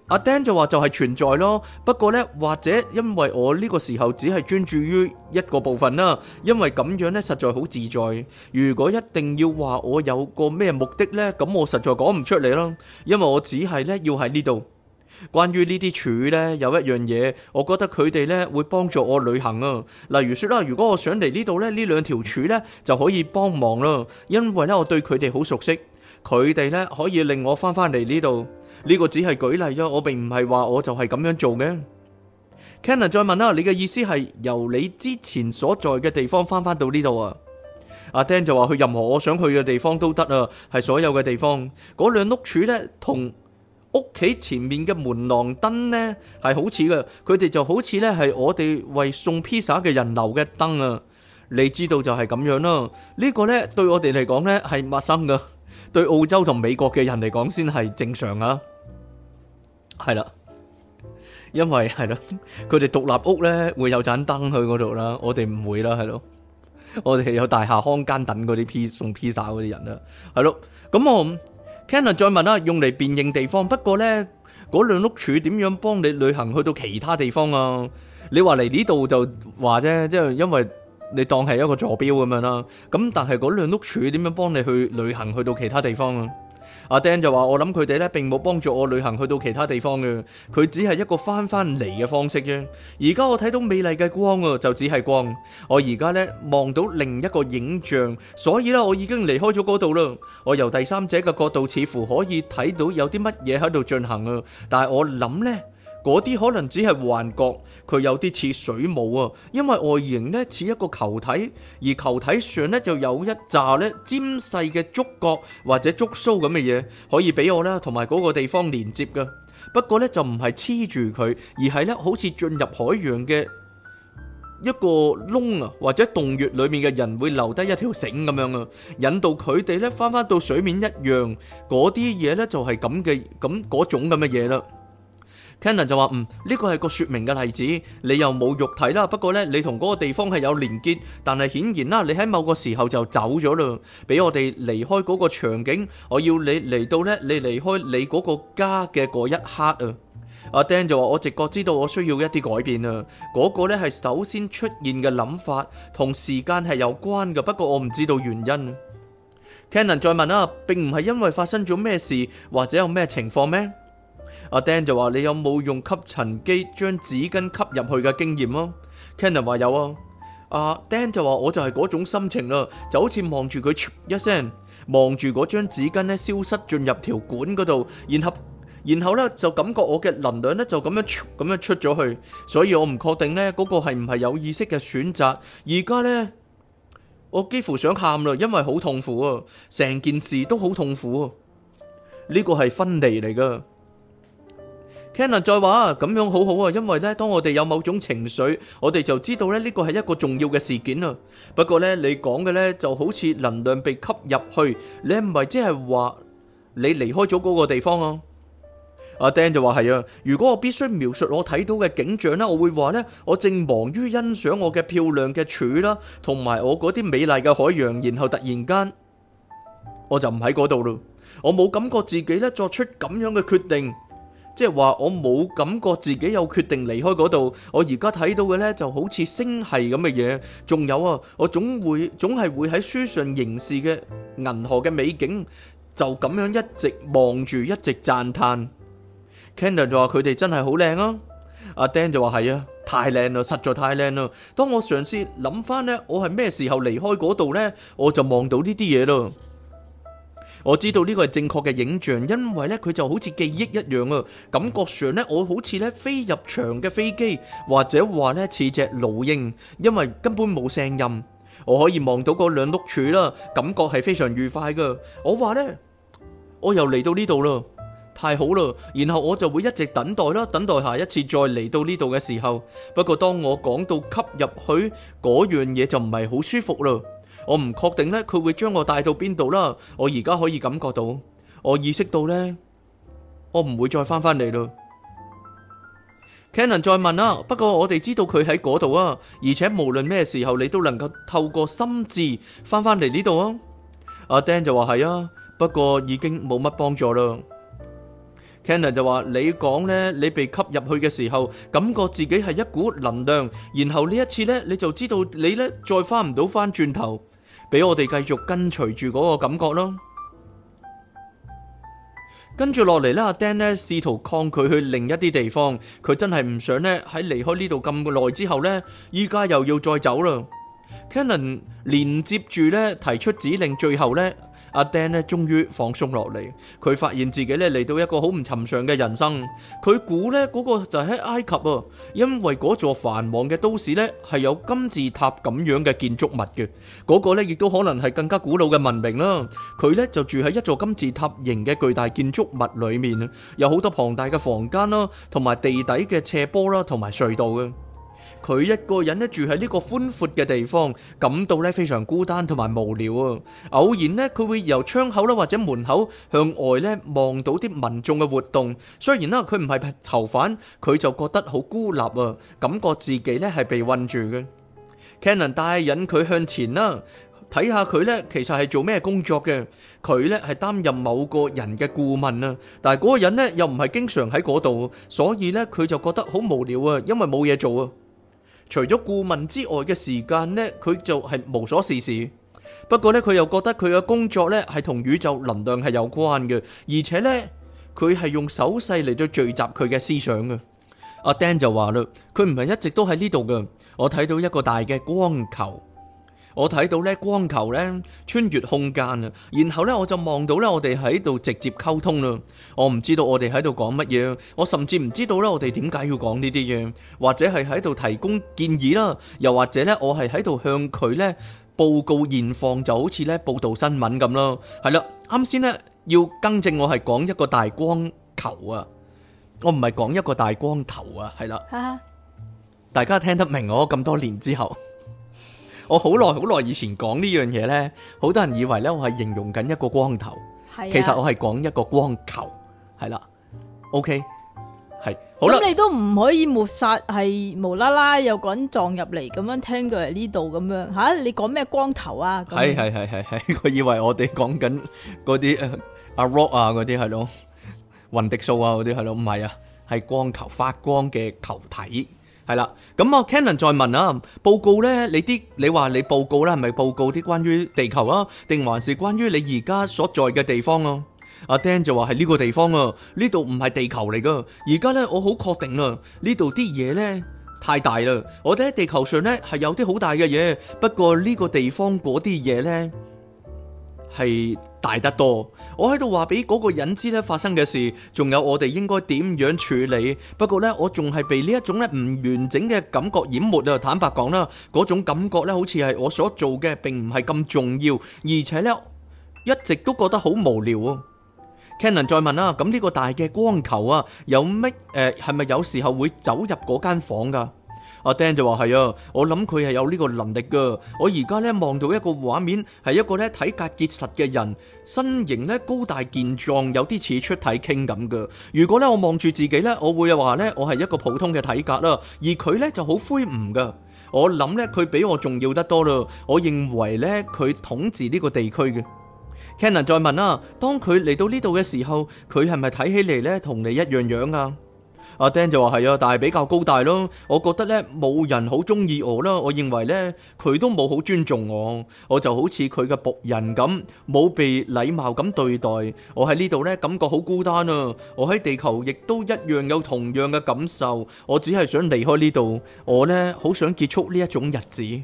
阿 Dan 就話就係存在咯，不過呢，或者因為我呢個時候只係專注於一個部分啦，因為咁樣呢實在好自在。如果一定要話我有個咩目的呢，咁我實在講唔出嚟咯，因為我只係呢要喺呢度。關於呢啲柱呢，有一樣嘢，我覺得佢哋呢會幫助我旅行啊。例如說啦，如果我想嚟呢度呢，呢兩條柱呢就可以幫忙咯，因為呢我對佢哋好熟悉，佢哋呢可以令我翻返嚟呢度。呢個只係舉例啫，我並唔係話我就係咁樣做嘅。Cannon 再問啦，你嘅意思係由你之前所在嘅地方翻返到呢度啊？阿 Dan 就話去任何我想去嘅地方都得啊，係所有嘅地方。嗰兩碌柱呢，同屋企前面嘅門廊燈呢，係好似嘅，佢哋就好似呢係我哋為送披薩嘅人留嘅燈啊。你知道就係咁樣啦，呢、這個呢，對我哋嚟講呢，係陌生嘅。對澳洲同美國嘅人嚟講先係正常啊，係啦，因為係咯，佢哋獨立屋咧會有盞燈去嗰度啦，我哋唔會啦，係咯，我哋係有大廈康間等嗰啲披送披薩嗰啲人啦，係咯，咁我 Kenan 再問啦，用嚟辨認地方，不過咧，嗰兩碌柱點樣幫你旅行去到其他地方啊？你話嚟呢度就話啫，即係因為。你當係一個坐標咁樣啦，咁但係嗰兩碌柱點樣幫你去旅行去到其他地方啊？阿 Dan 就話：我諗佢哋咧並冇幫助我旅行去到其他地方嘅，佢只係一個返返嚟嘅方式啫。而家我睇到美麗嘅光啊，就只係光。我而家咧望到另一個影像，所以咧我已經離開咗嗰度啦。我由第三者嘅角度似乎可以睇到有啲乜嘢喺度進行啊，但係我諗咧。嗰啲可能只係幻覺，佢有啲似水母啊，因為外形呢似一個球體，而球體上呢就有一扎呢尖細嘅觸角或者觸鬚咁嘅嘢，可以俾我呢同埋嗰個地方連接㗎。不過呢就唔係黐住佢，而係呢好似進入海洋嘅一個窿啊或者洞穴裏面嘅人會留低一條繩咁樣啊，引導佢哋呢翻翻到水面一樣。嗰啲嘢呢就係咁嘅咁嗰種咁嘅嘢啦。Cannon 就話：嗯，呢、這個係個説明嘅例子，你又冇肉體啦。不過呢，你同嗰個地方係有連結，但係顯然啦、啊，你喺某個時候就走咗啦，俾我哋離開嗰個場景。我要你嚟到呢，你離開你嗰個家嘅嗰一刻啊！阿 Dan 就話：我直覺知道我需要一啲改變啊！嗰、那個呢係首先出現嘅諗法同時間係有關嘅，不過我唔知道原因。Cannon 再問啊：並唔係因為發生咗咩事或者有咩情況咩？阿 Dan 就話：你有冇用吸塵機將紙巾吸入去嘅經驗咯？Cannon 話有啊。阿、uh, Dan 就話：我就係嗰種心情啦、啊，就好似望住佢一聲，望住嗰張紙巾咧消失進入條管嗰度，然後然後咧就感覺我嘅能量呢就咁樣咁樣出咗去，所以我唔確定呢嗰、那個係唔係有意識嘅選擇。而家呢，我幾乎想喊啦，因為好痛苦啊，成件事都好痛苦啊。呢、這個係分離嚟噶。Cannon 再話，咁樣好好啊，因為咧，當我哋有某種情緒，我哋就知道咧呢個係一個重要嘅事件啊。不過咧，你講嘅咧就好似能量被吸入去，你唔係即係話你離開咗嗰個地方啊。阿 Dan 就話係啊，如果我必須描述我睇到嘅景象咧，我會話咧，我正忙於欣賞我嘅漂亮嘅柱啦，同埋我嗰啲美麗嘅海洋，然後突然間我就唔喺嗰度咯，我冇感覺自己咧作出咁樣嘅決定。即係話我冇感覺自己有決定離開嗰度，我而家睇到嘅呢就好似星系咁嘅嘢，仲有啊，我總會總係會喺書上凝視嘅銀河嘅美景，就咁樣一直望住，一直讚歎。Candor 就話佢哋真係好靚啊，阿 Dan 就話係啊，太靚啦，實在太靚啦。當我嘗試諗翻呢，我係咩時候離開嗰度呢？我就望到呢啲嘢咯。我知道呢個係正確嘅影像，因為呢，佢就好似記憶一樣啊！感覺上呢，我好似呢飛入場嘅飛機，或者話呢似隻老鷹，因為根本冇聲音。我可以望到嗰兩碌柱啦，感覺係非常愉快噶。我話呢，我又嚟到呢度咯，太好啦！然後我就會一直等待啦，等待下一次再嚟到呢度嘅時候。不過當我講到吸入去嗰樣嘢，就唔係好舒服咯。我唔確定呢，佢會將我帶到邊度啦。我而家可以感覺到，我意識到呢，我唔會再翻返嚟咯。Cannon 再問啦，啊，不過我哋知道佢喺嗰度啊，而且無論咩時候你都能夠透過心智翻返嚟呢度啊。阿 Dan 就話係啊，不過已經冇乜幫助啦。Cannon 就話你講呢，你被吸入去嘅時候，感覺自己係一股能量，然後呢一次呢，你就知道你呢再翻唔到返轉頭。俾我哋繼續跟隨住嗰個感覺咯。跟住落嚟咧，阿丹呢試圖抗拒去另一啲地方，佢真係唔想呢喺離開呢度咁耐之後呢，依家又要再走啦。Cannon 連接住呢提出指令，最後呢。阿 Dan 咧，終於放鬆落嚟，佢發現自己咧嚟到一個好唔尋常嘅人生。佢估咧嗰個就係埃及啊，因為嗰座繁忙嘅都市咧係有金字塔咁樣嘅建築物嘅。嗰個咧亦都可能係更加古老嘅文明啦。佢咧就住喺一座金字塔形嘅巨大建築物裏面啊，有好多龐大嘅房間啦，同埋地底嘅斜坡啦，同埋隧道嘅。佢一個人咧住喺呢個寬闊嘅地方，感到咧非常孤單同埋無聊啊！偶然咧，佢會由窗口啦或者門口向外咧望到啲民眾嘅活動。雖然啦，佢唔係囚犯，佢就覺得好孤立啊，感覺自己咧係被困住嘅。Cannon 帶引佢向前啦，睇下佢咧其實係做咩工作嘅。佢咧係擔任某個人嘅顧問啦，但係嗰個人咧又唔係經常喺嗰度，所以咧佢就覺得好無聊啊，因為冇嘢做啊。除咗顧問之外嘅時間呢，佢就係無所事事。不過呢，佢又覺得佢嘅工作呢係同宇宙能量係有關嘅，而且呢，佢係用手勢嚟到聚集佢嘅思想嘅。阿 Dan 就話嘞，佢唔係一直都喺呢度嘅。我睇到一個大嘅光球。我睇到呢光球呢穿越空間啊，然後呢，我就望到呢我哋喺度直接溝通啦。我唔知道我哋喺度講乜嘢，我甚至唔知道呢我哋點解要講呢啲嘢，或者係喺度提供建議啦，又或者呢我係喺度向佢呢報告現況，就好似呢報道新聞咁咯。係啦，啱先呢要更正，我係講一個大光球啊，我唔係講一個大光頭啊。係啦，哈哈，大家聽得明我咁多年之後。我好耐好耐以前講呢樣嘢咧，好多人以為咧我係形容緊一個光頭，其實我係講一個光球，係啦，OK，係好啦。咁你都唔可以抹殺係無啦啦又趕撞入嚟咁樣聽過嚟呢度咁樣嚇？你講咩光頭啊？係係係係係，我以為我哋講緊嗰啲誒阿 Rock 啊嗰啲係咯，雲迪素啊嗰啲係咯，唔係啊，係光球發光嘅球體。係啦，咁啊，Cannon 再問啊，報告呢？你啲你話你報告咧，係咪報告啲關於地球啊，定還是關於你而家所在嘅地方啊？阿 Dan 就話係呢個地方啊，呢度唔係地球嚟噶，而家呢，我好確定啊，呢度啲嘢呢太大啦，我哋喺地球上呢，係有啲好大嘅嘢，不過呢個地方嗰啲嘢呢係……大得多，我喺度話俾嗰個人知咧發生嘅事，仲有我哋應該點樣處理。不過咧，我仲係被呢一種咧唔完整嘅感覺淹沒啊！坦白講啦，嗰種感覺咧，好似係我所做嘅，並唔係咁重要，而且咧一直都覺得好無聊。Canon 再問啦，咁呢個大嘅光球啊，有乜誒係咪有時候會走入嗰間房噶？阿 Dan 就話：係啊，我諗佢係有呢個能力噶。我而家咧望到一個畫面，係一個咧體格結實嘅人，身形咧高大健壯，有啲似出體傾咁噶。如果咧我望住自己咧，我會話咧我係一個普通嘅體格啦。而佢咧就好魁梧噶。我諗咧佢比我重要得多咯。我認為咧佢統治呢個地區嘅。Cannon 再問啦，當佢嚟到呢度嘅時候，佢係咪睇起嚟咧同你一樣樣啊？阿 Dan 就話係啊，但係比較高大咯。我覺得咧，冇人好中意我啦。我認為咧，佢都冇好尊重我。我就好似佢嘅僕人咁，冇被禮貌咁對待。我喺呢度咧，感覺好孤單啊！我喺地球亦都一樣有同樣嘅感受。我只係想離開呢度。我咧好想結束呢一種日子。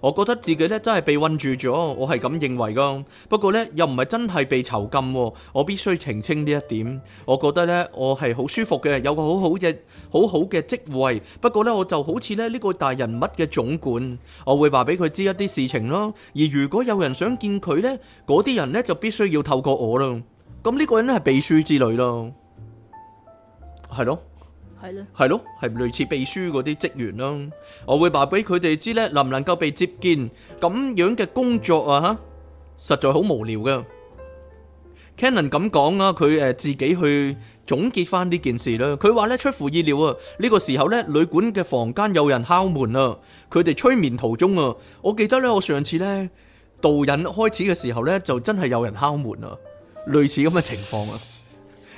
我覺得自己咧真係被困住咗，我係咁認為噶。不過咧又唔係真係被囚禁喎，我必須澄清呢一點。我覺得咧我係好舒服嘅，有個好好嘅好好嘅職位。不過咧我就好似咧呢個大人物嘅總管，我會話俾佢知一啲事情咯。而如果有人想見佢咧，嗰啲人咧就必須要透過我咯。咁呢個人咧係秘書之類咯，係咯。係咯，係咯，係類似秘書嗰啲職員啦。我會話俾佢哋知咧，能唔能夠被接見咁樣嘅工作啊？吓，實在好無聊㗎。Cannon 咁講啊，佢誒自己去總結返呢件事啦。佢話咧出乎意料啊，呢、這個時候咧旅館嘅房間有人敲門啊。佢哋催眠途中啊，我記得咧我上次咧導引開始嘅時候咧就真係有人敲門啊，類似咁嘅情況啊。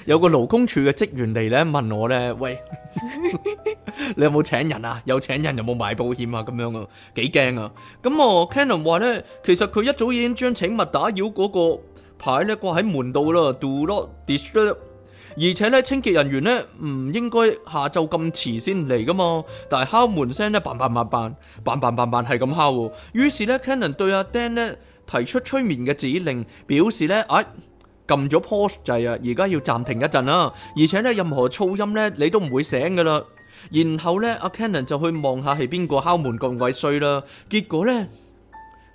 有個勞工處嘅職員嚟咧問我咧：喂，你有冇請人啊？有請人有冇買保險啊？咁樣啊，幾驚啊！咁我 Cannon 話咧，其實佢一早已經將請勿打擾嗰個牌咧掛喺門度啦，do not disturb。而且咧，清潔人員咧唔應該下晝咁遲先嚟噶嘛。但係敲門聲咧，bang bang 係咁敲。於是咧 Cannon 對阿 Dan 咧提出催眠嘅指令，表示咧，哎。撳咗 pause 掣啊，而家要暫停一陣啦，而且咧，任何噪音咧，你都唔會醒噶啦。然後咧，阿 Kenan 就去望下係邊個敲門咁鬼衰啦。結果咧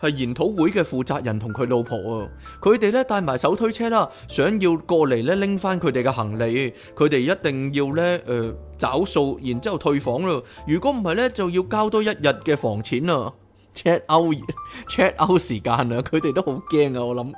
係研討會嘅負責人同佢老婆啊，佢哋咧帶埋手推車啦，想要過嚟咧拎翻佢哋嘅行李。佢哋一定要咧誒、呃、找數，然之後退房咯。如果唔係咧，就要交多一日嘅房錢啊！check out check out，時間啊，佢哋都好驚啊，我諗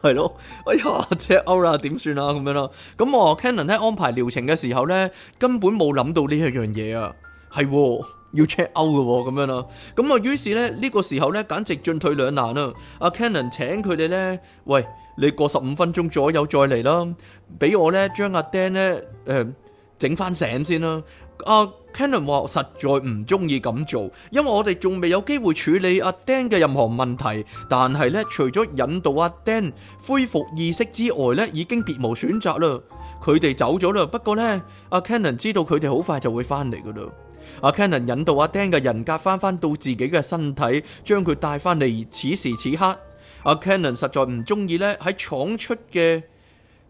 係咯，哎呀 check out 啦，點算啊咁樣咯，咁我 Cannon 咧安排療程嘅時候咧，根本冇諗到呢一樣嘢啊，係要 check out 嘅咁樣咯，咁啊於是咧呢個時候咧，簡直進退兩難啊，阿 Cannon 請佢哋咧，喂你過十五分鐘左右再嚟啦，俾我咧將阿 Dan 咧誒整翻醒先啦。阿 Cannon 話：uh, 實在唔中意咁做，因為我哋仲未有機會處理阿釘嘅任何問題。但係咧，除咗引導阿釘恢復意識之外咧，已經別無選擇啦。佢哋走咗啦，不過咧，阿 Cannon 知道佢哋好快就會翻嚟噶啦。阿 Cannon 引導阿釘嘅人格翻翻到自己嘅身體，將佢帶翻嚟。此時此刻，阿 Cannon 實在唔中意咧喺闖出嘅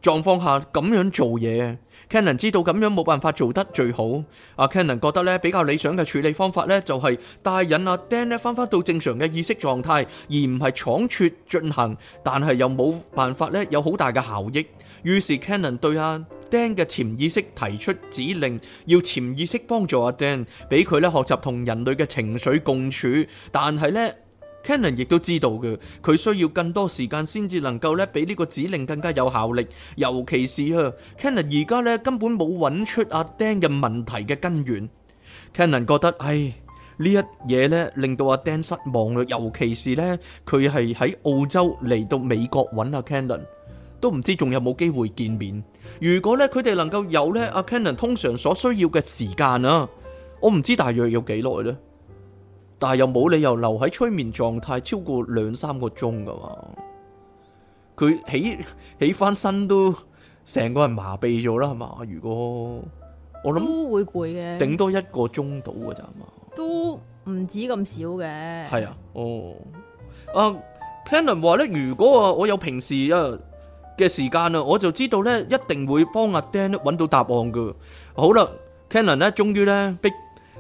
狀況下咁樣做嘢啊！Canon 知道咁樣冇辦法做得最好，阿 Canon 覺得咧比較理想嘅處理方法咧就係、是、帶引阿 Dan 咧翻返到正常嘅意識狀態，而唔係倉促進行，但係又冇辦法咧有好大嘅效益。於是 Canon 對阿 Dan 嘅潛意識提出指令，要潛意識幫助阿 Dan，俾佢咧學習同人類嘅情緒共處，但係咧。Canon 亦都知道嘅，佢需要更多時間先至能夠咧，畀呢個指令更加有效力。尤其是啊，Canon 而家咧根本冇揾出阿 Dan 嘅問題嘅根源。Canon 覺得，唉，一呢一嘢咧令到阿 Dan 失望啦。尤其是咧，佢係喺澳洲嚟到美國揾阿 Canon，都唔知仲有冇機會見面。如果咧佢哋能夠有咧阿 Canon 通常所需要嘅時間啊，我唔知大約要幾耐咧。但係又冇理由留喺催眠狀態超過兩三個鐘噶嘛。佢起起翻身都成個人麻痹咗啦，係嘛？如果我諗都會攰嘅，頂多一個鐘到嘅咋嘛？都唔止咁少嘅。係啊，哦，啊，Cannon 話咧，如果啊我有平時啊嘅時間啊，我就知道咧，一定會幫阿 Dan 揾到答案嘅。好啦，Cannon 咧，終於咧逼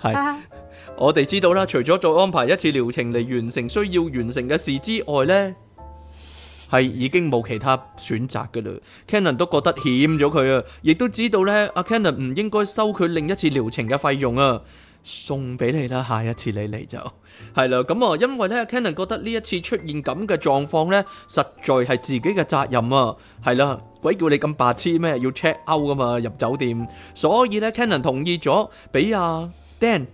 係，我哋知道啦。除咗再安排一次療程嚟完成需要完成嘅事之外呢，呢係已經冇其他選擇噶啦。Kennan 都覺得欠咗佢啊，亦都知道呢阿 Kennan 唔應該收佢另一次療程嘅費用啊。送俾你啦，下一次你嚟就係啦。咁 啊、嗯，因為咧 Cannon 覺得呢一次出現咁嘅狀況咧，實在係自己嘅責任啊。係 啦，鬼叫你咁白痴咩？要 check out 噶嘛，入酒店。所以咧 Cannon 同意咗，俾阿 Dan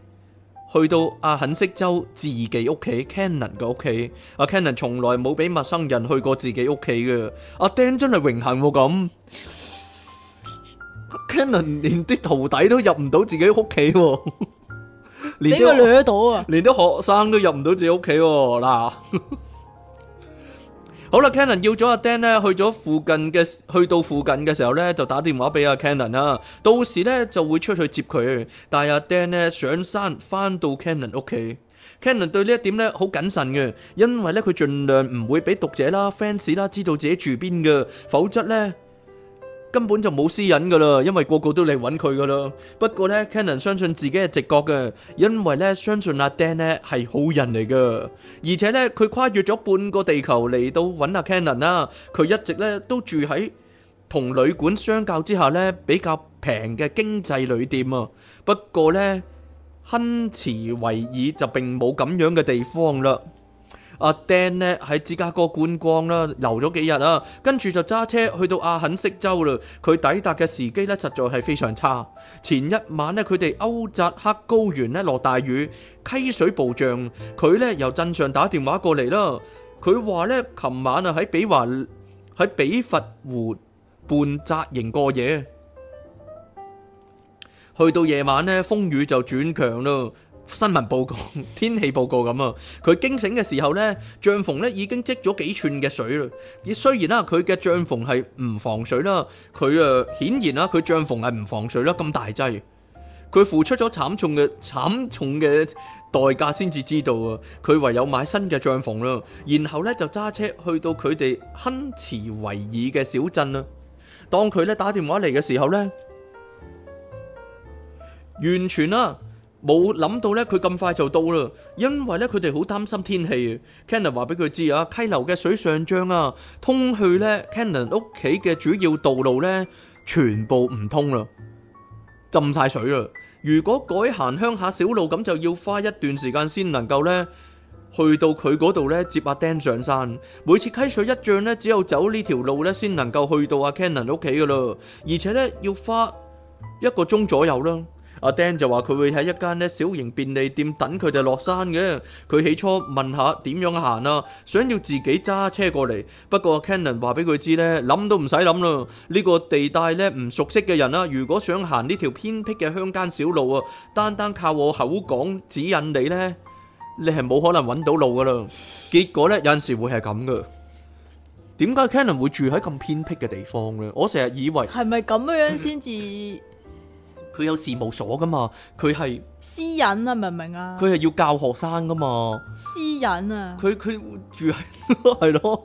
去到阿肯色州自己屋企 Cannon 嘅屋企。阿 Cannon,、啊、Cannon 從來冇俾陌生人去過自己屋企嘅。阿、啊、Dan 真係榮幸喎、啊，咁 Cannon 連啲徒弟都入唔到自己屋企喎。 連啲到啊！連啲學生都入唔到自己屋企喎。嗱， 好啦，Cannon 要咗阿 Dan 咧，去咗附近嘅，去到附近嘅時候咧，就打電話俾阿 c a n o n 啦。到時咧就會出去接佢。但阿 Dan 咧上山翻到 c a n o n 屋企 c a n o n 對呢一點咧好謹慎嘅，因為咧佢盡量唔會俾讀者啦、fans 啦知道自己住邊嘅，否則咧。根本就冇私隱噶啦，因為個個都嚟揾佢噶啦。不過呢，Cannon 相信自己嘅直覺嘅，因為呢，相信阿 Dan 呢係好人嚟噶，而且呢，佢跨越咗半個地球嚟到揾阿、啊、Cannon 啦、啊。佢一直呢都住喺同旅館相較之下呢比較平嘅經濟旅店啊。不過呢，亨茨維爾就並冇咁樣嘅地方啦。阿 Dan 咧喺芝加哥觀光啦，留咗幾日啦，跟住就揸車去到阿肯色州啦。佢抵達嘅時機咧實在係非常差。前一晚咧，佢哋歐扎克高原咧落大雨，溪水暴漲。佢咧由鎮上打電話過嚟，啦佢話呢，琴晚啊喺比華喺比佛湖畔紮營過夜，去到夜晚咧風雨就轉強咯。新聞報告、天氣報告咁啊！佢驚醒嘅時候呢，帳篷咧已經積咗幾吋嘅水啦。雖然啦，佢嘅帳篷係唔防水啦，佢啊顯然啦，佢帳篷係唔防水啦，咁大劑，佢付出咗慘重嘅慘重嘅代價先至知道啊！佢唯有買新嘅帳篷啦，然後呢，就揸車去到佢哋亨茨維爾嘅小鎮啦。當佢呢打電話嚟嘅時候呢，完全啦、啊！冇諗到咧，佢咁快就到啦，因為咧佢哋好擔心天氣啊。Cannon 話俾佢知啊，溪流嘅水上漲啊，通去咧 Cannon 屋企嘅主要道路咧，全部唔通啦，浸曬水啦。如果改行鄉下小路，咁就要花一段時間先能夠咧去到佢嗰度咧接阿 Dan 上山。每次溪水一漲咧，只有走呢條路咧先能夠去到阿 Cannon 屋企㗎喇，而且咧要花一個鐘左右啦。阿 Dan 就話佢會喺一間咧小型便利店等佢哋落山嘅。佢起初問下點樣行啊，想要自己揸車過嚟。不過 Cannon 話俾佢知呢，諗都唔使諗咯。呢個地帶呢，唔熟悉嘅人啦，如果想行呢條偏僻嘅鄉間小路啊，單單靠我口講指引你呢，你係冇可能揾到路噶啦。結果呢，有陣時會係咁噶。點解 Cannon 會住喺咁偏僻嘅地方呢？我成日以為係咪咁樣先至？ 佢有事務所噶嘛？佢係私隱啊，明唔明啊？佢係要教學生噶嘛？私隱啊！佢佢住喺係咯，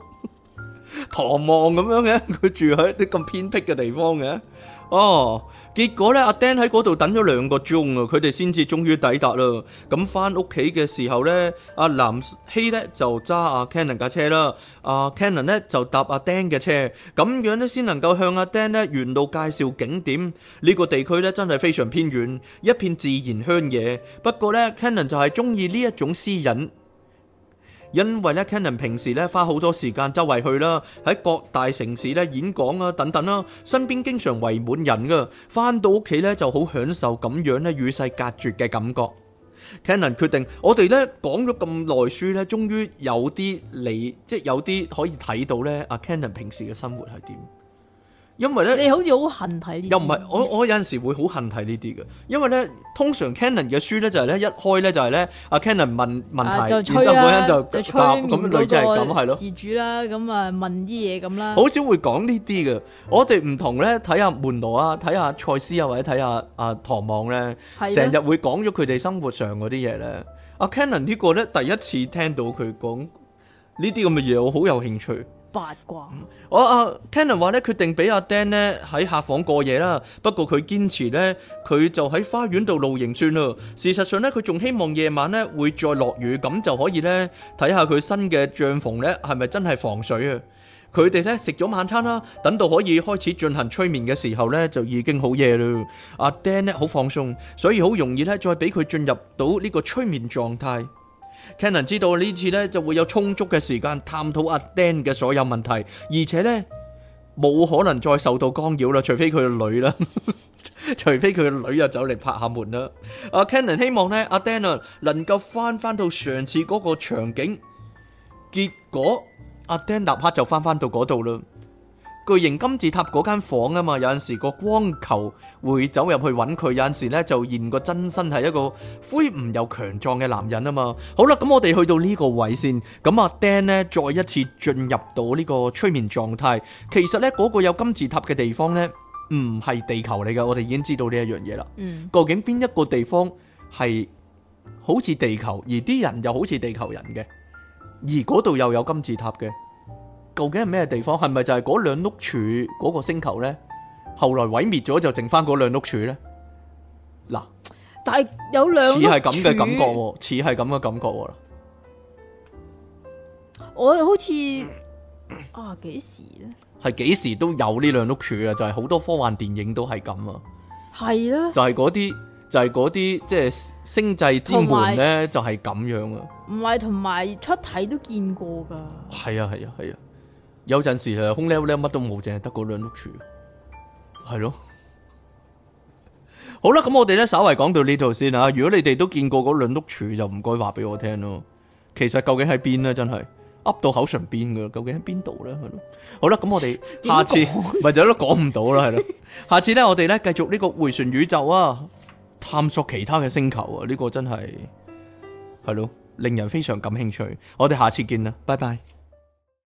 唐望咁樣嘅，佢住喺啲咁偏僻嘅地方嘅。哦，oh，結果咧，阿 Dan 喺嗰度等咗兩個鐘啊，佢哋先至終於抵達啦。咁翻屋企嘅時候咧，阿南希咧就揸阿 Cannon 架車啦，阿 Cannon 咧就搭阿 Dan 嘅車，咁、uh，樣咧先能夠向阿 Dan 咧沿路介紹景點。呢、這個地區咧真係非常偏遠，一片自然鄉野。不過咧，Cannon 就係中意呢一種私隱。因為咧，Cannon 平時咧花好多時間周圍去啦，喺各大城市咧演講啊等等啦，身邊經常圍滿人噶。返到屋企咧就好享受咁樣咧與世隔絕嘅感覺。Cannon 決定，我哋咧講咗咁耐書咧，終於有啲你即係有啲可以睇到咧啊，Cannon 平時嘅生活係點？因為咧，你好似好恨睇呢啲，又唔係我我有陣時會好恨睇呢啲嘅。因為咧，通常 Canon 嘅書咧就係咧一開咧就係咧，阿 Canon 問問題，啊、就然之後嗰人就答，咁類似係咁，係咯。事主啦，咁啊、嗯、的問啲嘢咁啦。好少會講呢啲嘅，我哋唔同咧，睇下門羅啊，睇下賽斯啊，或者睇下啊唐望咧，成日的會講咗佢哋生活上嗰啲嘢咧。阿、啊啊、Canon 呢個咧第一次聽到佢講呢啲咁嘅嘢，我好有興趣。發啩！我阿 Kenner 話咧，決定俾阿 Dan 咧喺客房過夜啦。不過佢堅持咧，佢就喺花園度露營算啦。事實上咧，佢仲希望夜晚咧會再落雨，咁就可以咧睇下佢新嘅帳篷咧係咪真係防水啊！佢哋咧食咗晚餐啦，等到可以開始進行催眠嘅時候咧，就已經好夜啦。阿 Dan 咧好放鬆，所以好容易咧再俾佢進入到呢個催眠狀態。Cannon 知道呢次呢就會有充足嘅時間探討阿 Dan 嘅所有問題，而且呢，冇可能再受到干擾啦，除非佢嘅女啦， 除非佢嘅女又走嚟拍下門啦。阿、uh, Cannon 希望呢，阿 Dan 啊能夠翻翻到上次嗰個場景，結果阿 Dan 立刻就翻翻到嗰度啦。巨型金字塔嗰間房啊嘛，有陣時個光球會走入去揾佢，有陣時咧就現個真身係一個灰唔又強壯嘅男人啊嘛。好啦，咁我哋去到呢個位先，咁啊，Dan 呢，再一次進入到呢個催眠狀態。其實呢，嗰個有金字塔嘅地方呢，唔係地球嚟嘅，我哋已經知道呢一樣嘢啦。嗯，究竟邊一個地方係好似地球，而啲人又好似地球人嘅，而嗰度又有金字塔嘅？究竟係咩地方？係咪就係嗰兩碌柱嗰個星球咧？後來毀滅咗就剩翻嗰兩碌柱咧？嗱，但係有兩似係咁嘅感覺，似係咁嘅感覺啦。我好似啊，幾時咧？係幾時都有呢兩碌柱啊！就係、是、好多科幻電影都係咁啊。係啦，就係嗰啲，就係嗰啲，即、就、係、是、星際之門咧，就係咁樣啊。唔係，同埋出體都見過噶。係啊，係啊，係啊。有陣時係空溜溜，乜都冇，淨係得嗰兩碌柱，係咯。好啦，咁我哋咧，稍微講到呢度先啊。如果你哋都見過嗰兩碌柱，就唔該話俾我聽咯。其實究竟喺邊咧？真係噏到口唇邊噶啦。究竟喺邊度咧？係咯。好啦，咁我哋下次咪就都講唔到啦。係咯。下次咧，我哋咧繼續呢個回旋宇宙啊，探索其他嘅星球啊。呢個真係係咯，令人非常感興趣。我哋下次見啦，拜拜。